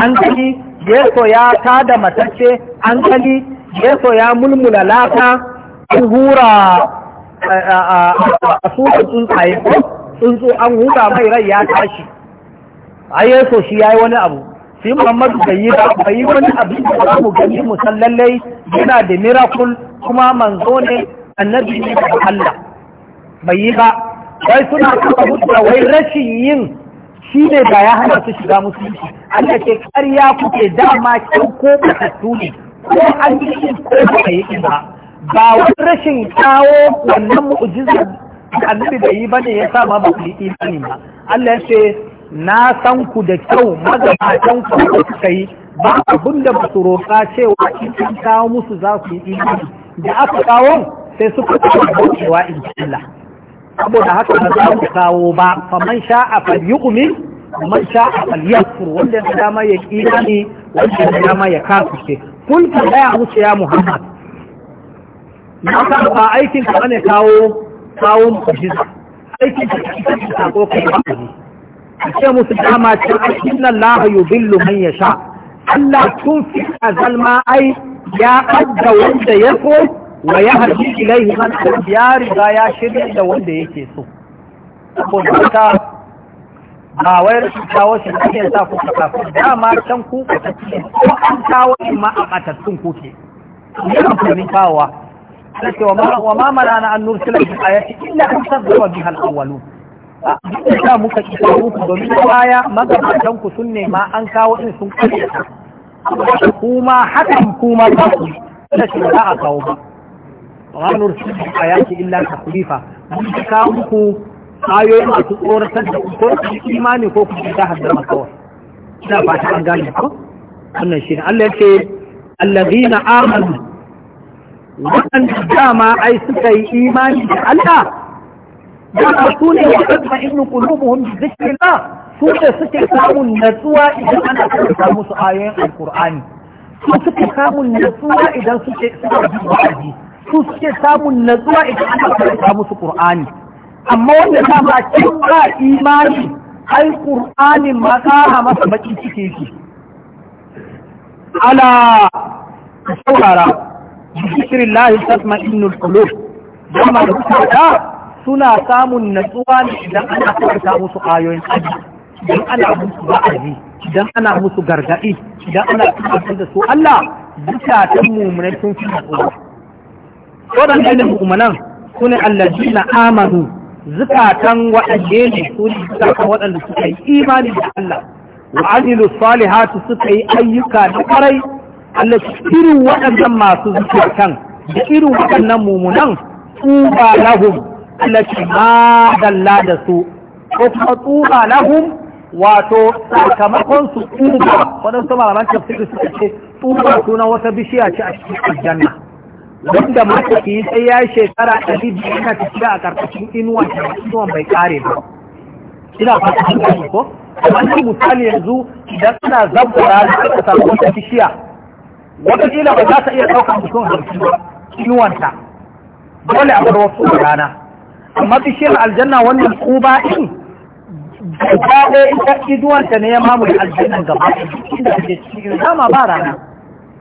an gani yeso ya tada matacce an kali yeso ya mulmula laka an hura a sukan tsuntsaye tsuntsu an hura mai rai ya tashi a yeso shi ya yi wani abu shi muhammadu bai yi Ba yi wani abu da za mu gani musallallai yana da miracle kuma manzo ne annabi ne da Allah bai yi ba wai suna kafa da wai rashin yin shi ne ba ya hana su shiga musulunci Allah ke karya kuke dama can ko kasattu ne ko an yi shi ko ba yi ba ba wani rashin kawo wannan mu'jizar annabi bai yi bane ya sa ma ba ku yi imani ba Allah ya ce na san ku da kyau magabatan ku da kuka yi ba abin da ba su roƙa cewa in an kawo musu za su yi imani da aka kawo sai suka kawo cewa in saboda haka ba za ku kawo ba faman sha'a falyu'min man sha a falyakfur wanda ya dama ya imani wanda ya dama ya kafirce kun ka daya wuce ya Muhammad na ka ba aikin ka ne kawo kawo mu'jiza aikin ka ka sako kai ba ce musu dama ce inna Allah yubillu man yasha Allah tun fi azalma ai ya adda wanda ya so wa ya harbi ilaihi man ya riga ya shirya da wanda yake so saboda haka ba wai rashin kawo shi ne sa ku ka Da dama can ku ka ko an kawo shi ma a matattun kuke ne amfani kawowa sai ce wa ma malana an nursila bi ayati illa an sabba bi hal awwalu da muka ki kawo ku domin baya magabatan ku sun ne ma an kawo din sun Ku kuma hakan kuma ba ku sai ba a kawo ba ranar cikin ayati illa kulifa mun ka muku ayoyi masu tsoratar da ko imani ko kuma ta masu wasu ina ta an gane ko wannan shi ne Allah ya ce allazina amanu waɗanda dama ai suka yi imani da Allah dama su ne wa kadma ibnu qulubuhum bi zikrillah su ne suke samun natsuwa idan ana samu musu ayoyin alqur'ani su suke samun natsuwa idan suke suka ji wa'azi su suke samun natsuwa idan ana karanta musu Qur'ani amma wanda ta ba cin ba imani ai Qur'anin ma kara masa baki cike shi ala saurara bismillah tasma'innul qulub dama da suna samun natsuwa ne idan ana karanta musu ayoyin aji, idan ana musu ba'azi idan ana musu gargaɗi idan ana tabbatar da su Allah ta mummunai sun fi natsuwa waɗanda ne mu'minan su ne allazi na amanu zukatan waɗanda ne su ne zukatan waɗanda suka yi imani da Allah wa amilu salihatu suka yi ayyuka da kwarai Allah irin waɗannan masu zukatan da irin waɗannan mumunan Tsuba lahum Allah ce ma dalla da su ko kuma tsuba lahum wato sakamakon su tuba waɗansu malaman tafsiri suka ce Tsuba suna wata bishiya ce a cikin aljanna wanda mata ke yi sai ya shekara ɗari biyu yana tafiya a ƙarƙashin inuwa da inuwan bai ƙare ba ina fata su gani ko amma shi misali yanzu idan ana zabbara da aka samu wata bishiya wataƙila ba za ta iya ɗaukar mutum hamsin ba inuwanta dole a bar wasu a rana amma bishiyar aljanna wannan ba in? ba ɗaya ita inuwanta ne ya mamaye aljanna gaba ɗaya inda take cikin dama ba rana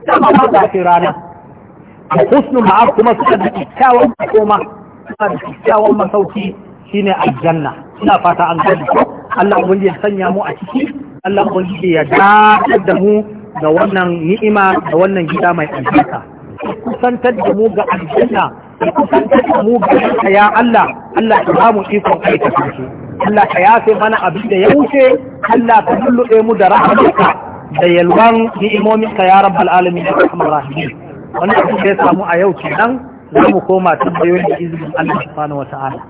dama ba zafin rana da husnul ma'ab kuma suna da kyakkyawan koma suna da kyakkyawan masauki shine aljanna ina fata an gani Allah ubangiji ya sanya mu a ciki Allah ubangiji ya dakatar da mu da wannan ni'ima da wannan gida mai albarka kusantar da mu ga aljanna kusantar da mu ga ya Allah Allah ya ba mu ikon aikata shi Allah ka yafe mana abin da ya wuce Allah ka lulluɗe mu da rahmatinka da yalwan ni'imomin ka ya rabbal alamin ya rahmar rahimin wani abu da ya samu a yau kenan za mu koma tambayoyin da izinin Allah subhanahu ta'ala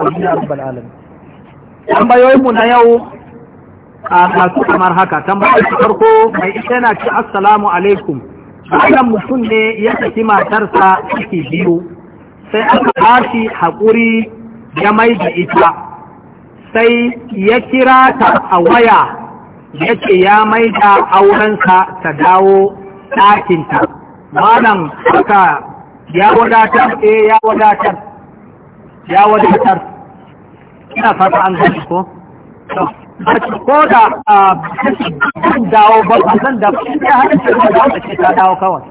abin rabbal alamin mu na yau a kasu kamar haka tambayar ta farko mai ita yana ci assalamu alaikum wannan mutum ne ya saki matarsa ciki biyu sai aka tashi haƙuri ya mai da ita sai ya kira ta a waya yake ya mai da aurensa ta dawo ɗakinta malam haka ya wadatar eh ya wadatar ya wadatar ina fata an zai ko ko da cikin dawo ba a zan da ya hada ce ba da ce ta dawo kawai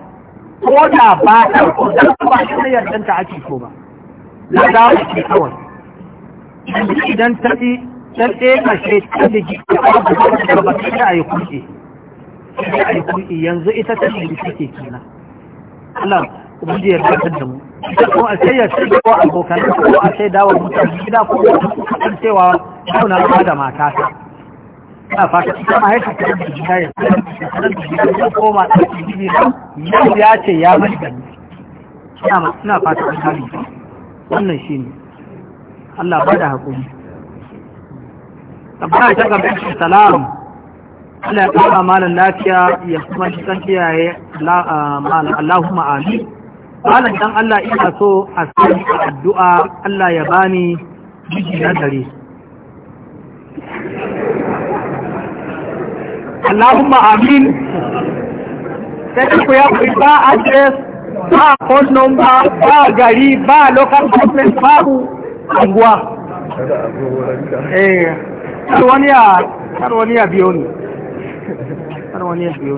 ko da ba ta ko da ba shi ne ta ake ko ba na dawo ce kawai idan ta yi dan ɗaya kashe ta da gida ba da ba ta yi kuke. yanzu ita ta shi ke kina Allah ubangiji ya tabbatar da mu ita Kuma a sai ya sai ko abokan ko a sai dawo mutane gida ko kan cewa kauna ba da mata ta ina fata ita ma haifa ta da gida ya ta da gida ko koma yau ya ce ya mai da ni ina fata an hali wannan ne. Allah ba da hakuri tabbata ga bin salam Allah ya kara malan lafiya ya kuma shi san kiyaye Allahumma amin malan dan Allah ina so a san addu'a Allah ya bani miji na dare Allahumma amin sai ku ya ku ba address ba phone number ba gari ba local government ba ku anguwa eh kar wani ya biyo ni kar wani ya biyo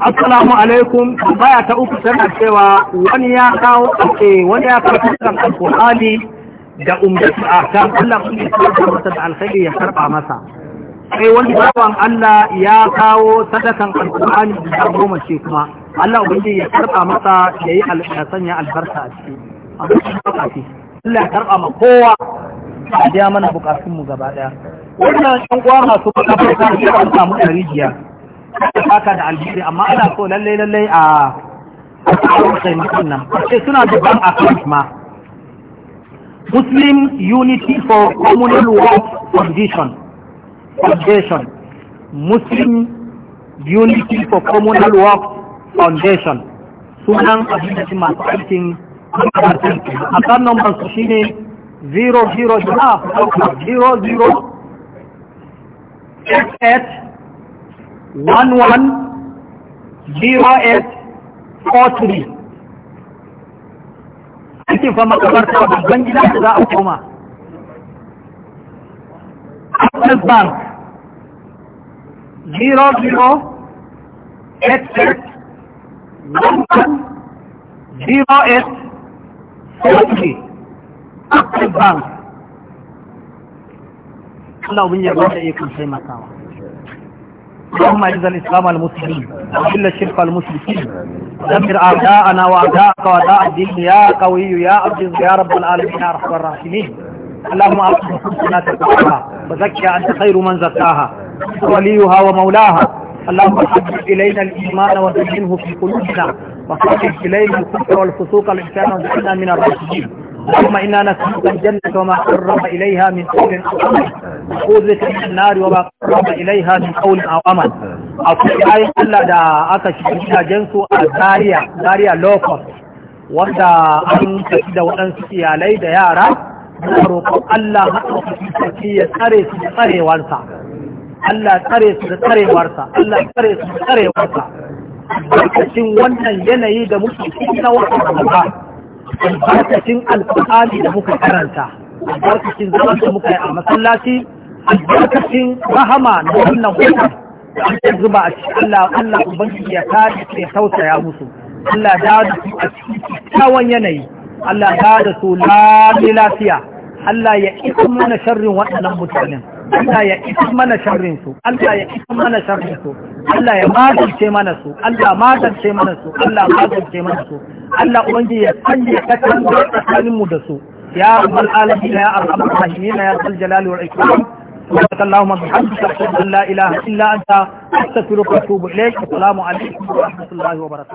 assalamu alaikum baya ta uku tana cewa wani ya kawo ake eh, wani ya karɓi kan alƙur'ani da umdatu a kan Allah ya yi masa da alkhairi ya karɓa masa sai wani bawan Allah ya kawo sadakan alƙur'ani da goma ce kuma Allah ubangiji ya karɓa masa ya yi sanya albarka a ciki a cikin Allah ya karɓa ma kowa a biya mana bukatunmu gaba ɗaya wannan ɗan uwa masu kuɗa farka shi an samu ɗari da haka da aljiri amma ana so lallai lallai a a taimakon nan ce suna da ban account ma Muslim Unity for Communal Work Foundation Foundation Muslim Unity for Communal Work Foundation sunan abinci masu aikin a kan nomban su shine 00 000 88110843 ake fa makabarta babban gida da za a koma Access Bank 0088110843 Access Bank Allah ubin ya bada ikon sai اللهم اعز الاسلام المسلمين واذل الشرك المشركين دمر اعداءنا واعداءك واعداء الدين يا قوي يا عزيز يا رب العالمين يا ارحم الراحمين اللهم اعطنا حسنات تقواها وزكي انت خير من زكاها وليها ومولاها اللهم حبب الينا الايمان وزينه في قلوبنا وصفح الينا الكفر والفسوق الإنسان واجعلنا من الراشدين اللهم إنا نسألك الجنة وما قرب إليها من قول أو عمل وقوزك من النار وما قرب إليها من قول أو عمل أصلي آية ألا دا أكشفنا جنسو الزارية زارية لوكوس wanda an tafi da waɗansu iyalai da yara da roƙon Allah ya tsarewarsa Allah tsare tsarewarsa Allah tsare tsarewarsa a wannan yanayi da muke cikin albarkacin alƙur'ani da muka karanta albarkacin zaman da muka yi a masallaci albarkacin rahama na wannan wata da an zuba a cikin Allah Allah ubangiji ya kare ya tausaya musu Allah da da su a cikin kyawun yanayi Allah da da su lafiya Allah ya isa mana sharrin waɗannan mutanen Allah ya isa mana sharrin su Allah ya isa mana sharrin su Allah ya magance mana su Allah magance mana su Allah magance mana su Allah ubangiji ya sanya katanga tsakanin mu da su ya rabbal alamin ya arhamar rahimin ya zal jalali wal ikram سبحانك اللهم وبحمدك اشهد ان لا اله الا انت استغفرك واتوب اليك السلام عليكم ورحمه الله وبركاته